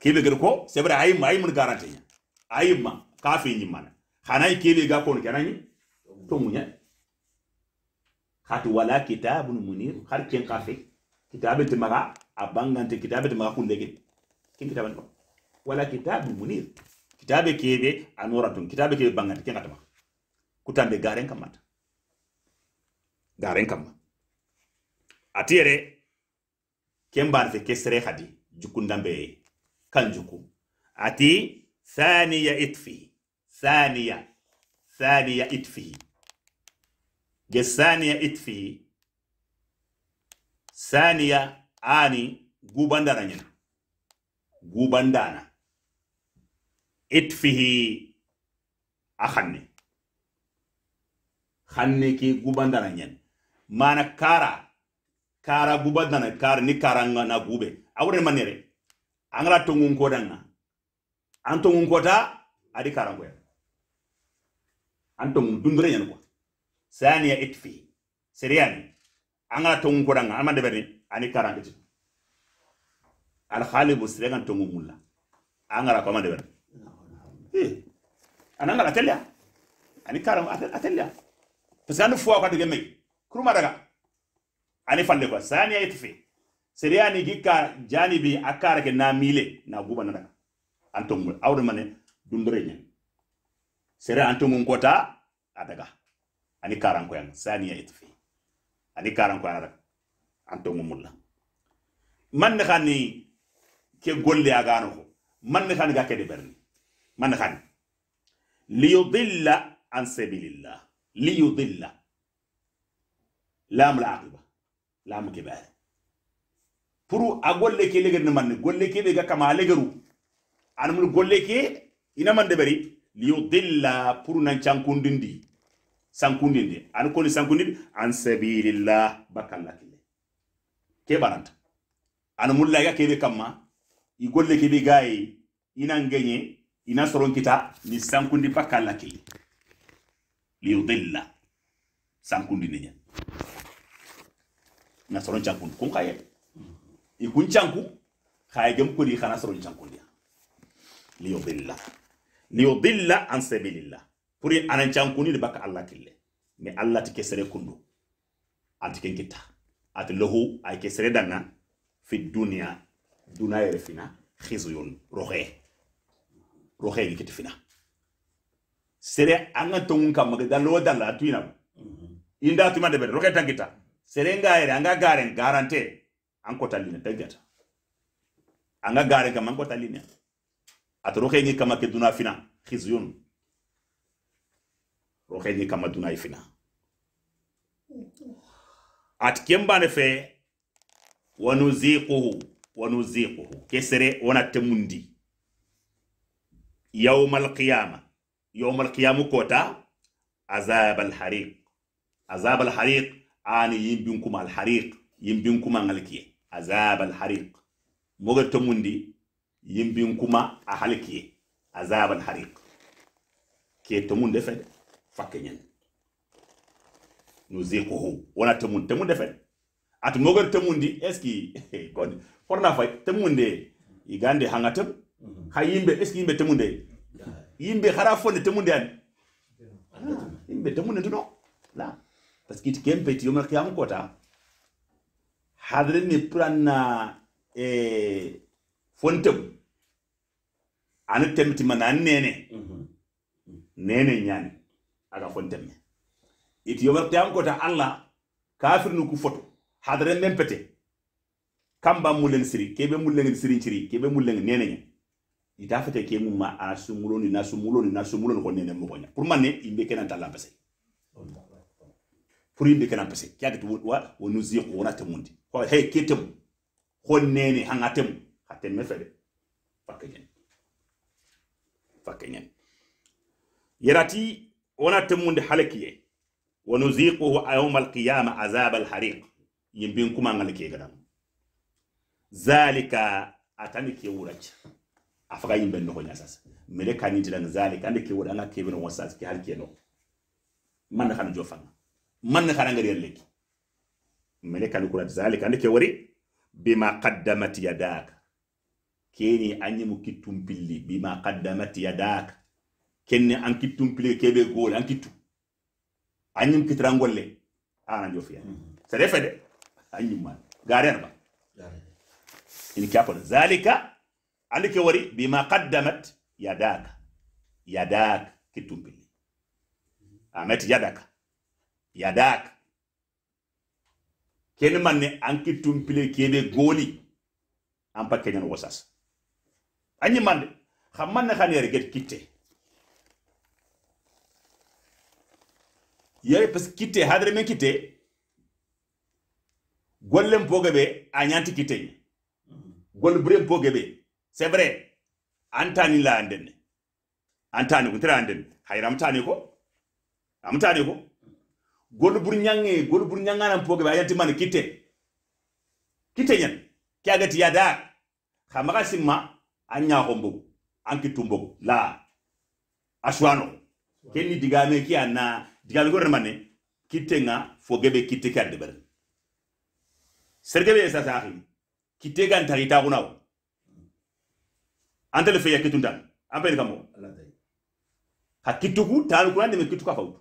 kibe gere ko c'est vrai may mun garantie ay ma kafe ñimmana hanayi kibe ga kono kenani tongu nyen hati wala kitabun munir har ken kafe kitabati maga abangante kitabati maga kullege ken kitaban ko wala kitabun munir kitabe kebe anoratun kitabe kebe bangante ken katama kutambe garen kamata garen kamma atiyere ken barfe ke sere hadi jukundambe kan juku ati thaniya itfi thaniya thaniya itfi je saniya itfi saniya ani gubandana ñina gubandana Itfi a xanni ki gubandana ñen mana kara kara gubandana kara ni kara nga na gube awre manere angala tongun ko danga antongun kota adi kara ngoya antongun dundre ñen ko saniya itfi seriyani anga tongu kodanga ama deberni ani karangiti al khalibu sirenga tongu mulla anga ra kama deberni eh ananga atelya ani karam atelya parce fuwa ko dege kuruma daga ani fande ko saniya itfi seriyani gika janibi akara ke na mile na guba na daga antongu awu mane dundure nyen sere antongu kota adaga ani karankoyan saniya itfi ani karankoyan rak anto mumulla man khani ke golle agano ko man khani ga kede berni man khani li yudilla an sabilillah li yudilla lam la aqiba lam kibar pour a golle ke leger ni man golle ke be ga kama legeru an mun golle ke ina man de bari li yudilla pour nan chankundindi sankundindi ani koni sankundindi an sabilillah bakalla kile ke baranta ani mulla ga kebe kamma i golle kebe gayi ina ngenye ina soron kita ni sankundi bakalla kile liyudilla sankundindi nya na soron cankundi kun kaye i kun canku kaye gem kodi khana soron yudilla liyudilla yudilla an sabilillah pour anan kuni de baka allah kille mais allah ti kesere kundu anti ken kitta ati lohu ay kesere danga fi dunya dunay refina fina khizyun rohe rohe ni kiti fina sere anga tongun kam maga dalo dalla tuina inda tuma de rohe tangita sere nga yere anga garen garante an ko talina tagata anga garen kam an ko talina at rohe ni kama ke duna fina khizyun roxeñi kamma dunay fina ati kembane fe wanuziquhu wanuziquhu kesere wona temundi yawmal qiyama yawmal qiyamu kota azab alhariq azab alhariq ani al yimbinkuma alhariq yimbinkuma ngalkiye azab alhariq mogo temundi yimbinkuma ahalkiye azab alhariq ke temunde fede fakke ñen no zekohu wona temun temunde fen ati mogor temundi est ce que kon horna fay temunde i gande ha yimɓe est ce que yimɓe temunde yimɓe hara fonde temunde ani yimɓe temunde nduno la parce que iti kempeti yomal qiyama kota hadre ni pranna e fontemu ana temtima nan nene nene ñani aga fontemme iti yomartiyankota allah kafirnu ku foto hadare men pete kamba mulen siri kebe mulen siri ciri kebe mullen nenenya ita fete ke mum ma a sumuloni na ni na sumuloni ko nene mogonya pour manne imbe kenan talla pese pour imbe kenan pese kyagati wa wonuziqu wona temundi ko hey ketem ko nene hangatem hatemme fede fakkenyen fakkenyen yerati wana wona temmunde halakiye wa nuziquhu yawma alqiyama azab yin bin kuma ngal ke gadam zalika atani ke wurac afaga yimbe no honya sas mele kani tilan zalika ande ke wura ngal ke bin wasas ke halke no man khana jofan man khana ngari leki mele kani kurat zalika ande ke wari bima qaddamat yadaka keni anyi mu billi bima qaddamat yadaka kenne an kittum pile kebe gole an kittu anyim kitran golle ana jo fiya hmm. sare fede anyim man garen ba in kapo zalika alike wari bima qaddamat yadaka yadak kittum pile amet yadaka yadak kenne manne an kittum pile kebe goli an pa kenyan wasas anyim man xamman na xanere get kitte yere parce kite hadre men kite gollem pogebe a nyanti kite gol burem pogebe c'est vrai antani la anden antani ko tira andene hayra amtani ko tani ko gol bur nyange gol bur ñanganam pogebe a yanti man kite kite ñan ki agati yada xamaxa simma a ñaaxo mbogu an kittu mbogu la a kenni digame ki a na digaɓe gorre manne kittenga fogeɓe kitte ke adde ɓerni sergeɓe e sasahi kitte gan taxi taxunawo antele feya kittuntan an peni kamo xa kittuku ta kuna ndeme kittuka fawutu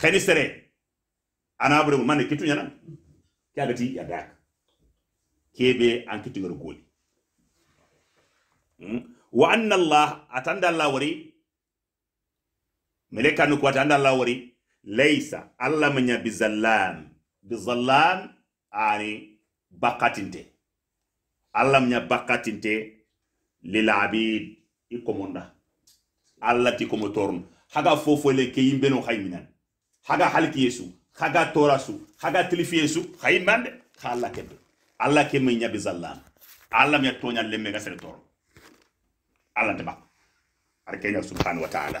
xeni sere ana ɓuremu manne kittu ñanan ke agati yadaka kebe an kittugeru gooli hmm? wa anna allah atanda allah wari mele kanu ko anda Allah wari laysa Allah manya bizallam bizallam ani bakatinte Allah manya bakatinte lil abid ikomonda Allah ti komo torn haga fofole ke yimbeno khayminan haga halki yesu haga torasu haga tilifi yesu khaymande khalla kebe Allah ke manya bizallam Allah manya tonya lemme ga sel torn Allah te bak arkenya subhanahu wa ta'ala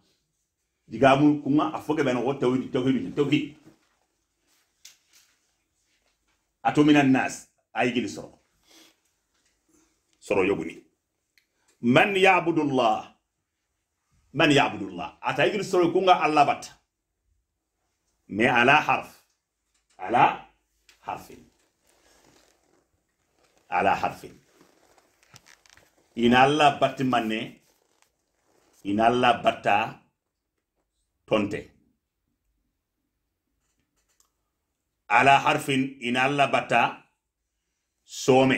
digamu kuma afoge bana ko tawhid tawhid tawhid ato minan nas ay gili soro soro yoguni man ya'budu allah man ya'budu allah ata gili soro kunga allah bat me ala harf ala harfin ala harfin ina allah bat manne ina allah bata. tonte ala harfin ina alla some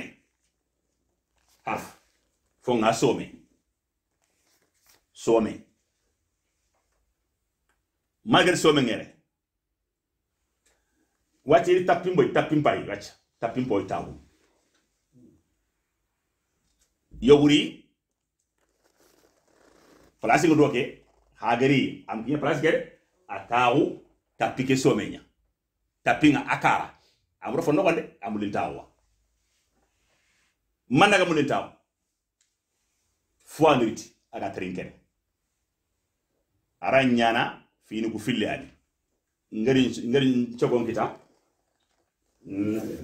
harf fo nga some some magari some ngere wati ili tapimbo itapimbari wacha tapimbo itawu yowuri palasi ngodoke hagari am kinya place gere atawu tapike somenya tapinga akara amro fondo konde amulin tawa manda ga mulin tawa fuaniriti aga trinken ara nyana fini ku fille ani ngari ngari chogon kita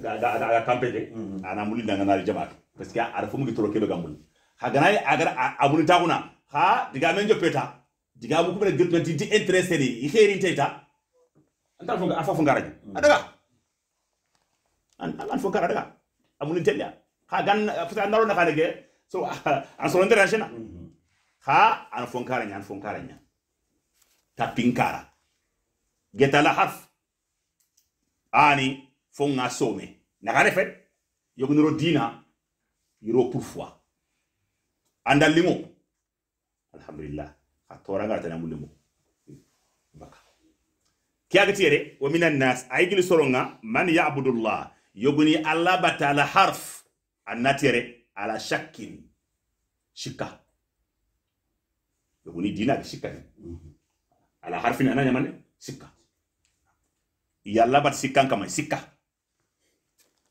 da da da de mm-hmm. ana mulin daga nari jama'a parce que ara fumu gitoro kebe ga mulin hagana agara abulin tawuna ha diga menjo peta diga mu kubere gert nanti di interesse ni i khairin tayta anta fonga afa fonga raji adaga an an fonga adaga amuni tenya ha gan fata ndaro na kanege so an so ndera shena ha an fonga ranya an fonga ranya tapinkara geta la haf ani fonga some na kane fet yognuro dina yiro pourfoi andalimo alhamdulillah a tora tana mulle mo baka kiyaga tiere wa minan nas a aygil soronga man ya'budu allah yoguni allah batala harf annatere ala shakkin shika yoguni dina ga shika ala harfin ananya man shika yalla bat shikan kama sikka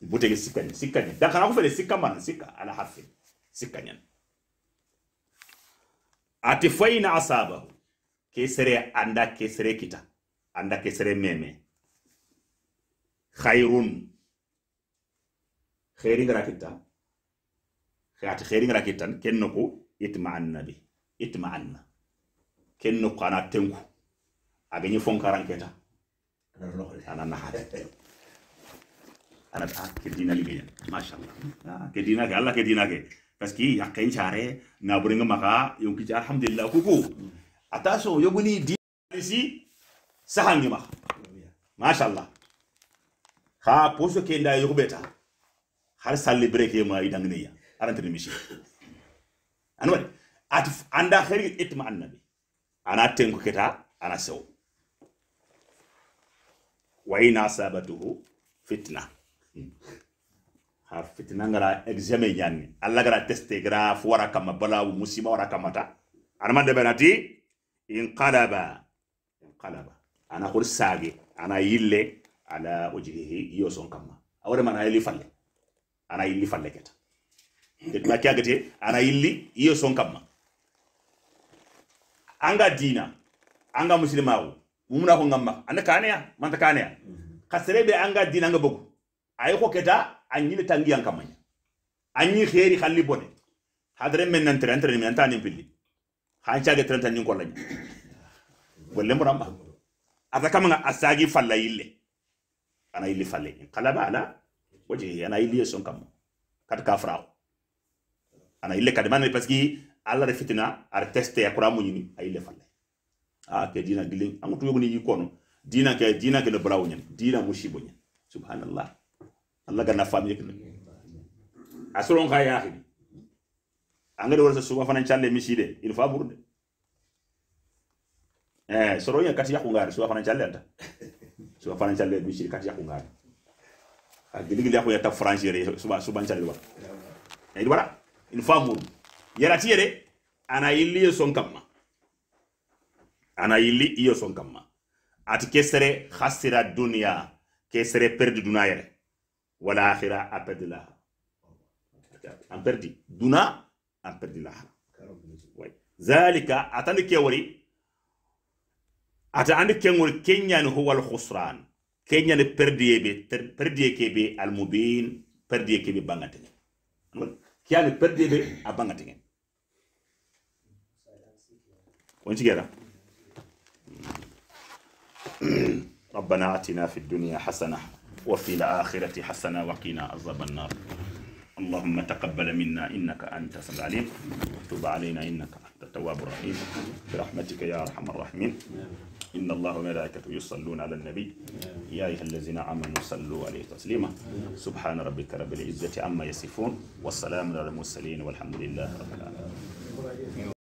butege sikka sikka dakana ko fele shika man shika ala harfin sikka nyana ati faina asaba kesere anda kesere kita anda kesere meme khairun khairin rakita khati khairin rakitan kenno ko itma'anna bi itma'anna kenno ko ana tenku agani fonkaran keta ana na hada ana ta ah, kedina sha Allah ah, kedina ke allah kedina ke parce que yakai chare na buringa maka yonki chare alhamdulillah kuku ataso yoguni di si sahangi maka masha Allah ha poso ke nda yobeta har salli breke ma idangne ya arantri mishi anwar at anda khairi itma annabi ana tenko keta ana sew wa ina sabatuhu fitna hmm. ha fitina ngara exame yanni alla gara teste gara fuara kama bala wu musima wara kamata anama de benati inqalaba inqalaba ana khur sagi ana yille ala wajhihi yoson kama awre man ayli falle ana yilli falle keta de ma kyagate ana yilli yoson kama anga dina anga muslimawo mumna ko ngamma anda kaneya manta kaneya mhm. khasrebe anga dina nga bogo ay ko keta anyi le tangi an kamanya anyi kheri khalli bone hadre men nan tren tren men tani pili han chaage tren tan ko lañ golle mo ramba ata kam nga asagi falla yille ana yille falle qalaba bala waji ana yille son kam kat ka fraaw ana yille man parce que alla re fitina ar teste ya kuramu ni ay yille falle a ke dina gilin amutu yogni yi kono dina ke dina ke le brawo nyen dina mushibo ni subhanallah allah ganna famiye kene a soron ka anga do wala suba fana mi miside il fa burde eh soro ya kati yakungari suba fana challe ta suba fana calle miside kati yakungari a gidigili yako ta franchir suba suba challe wa e eh, dibara il fa burde yara tiere ana illi son kamma ana yilli iyo son kamma ati kesere khasira dunya kesere perdu dunya dunayere والآخرة أبد لها أن بردي دونا أن بردي لها ذلك أتاني كيوري أتاني كيوري كينيان هو الخسران كينيان بردي بي بردي كي بي المبين بردي كي بي بانغاتين كيان بردي بي أبانغاتين وانت كده ربنا آتنا في الدنيا حسنه وفي الآخرة حسنة وقنا عذاب النار اللهم تقبل منا إنك أنت العليم وتب علينا إنك أنت التواب الرحيم برحمتك يا أرحم الراحمين إن الله وملائكته يصلون على النبي يا أيها الذين آمنوا صلوا عليه تسليما سبحان ربك رب العزة عما يصفون والسلام على المرسلين والحمد لله رب العالمين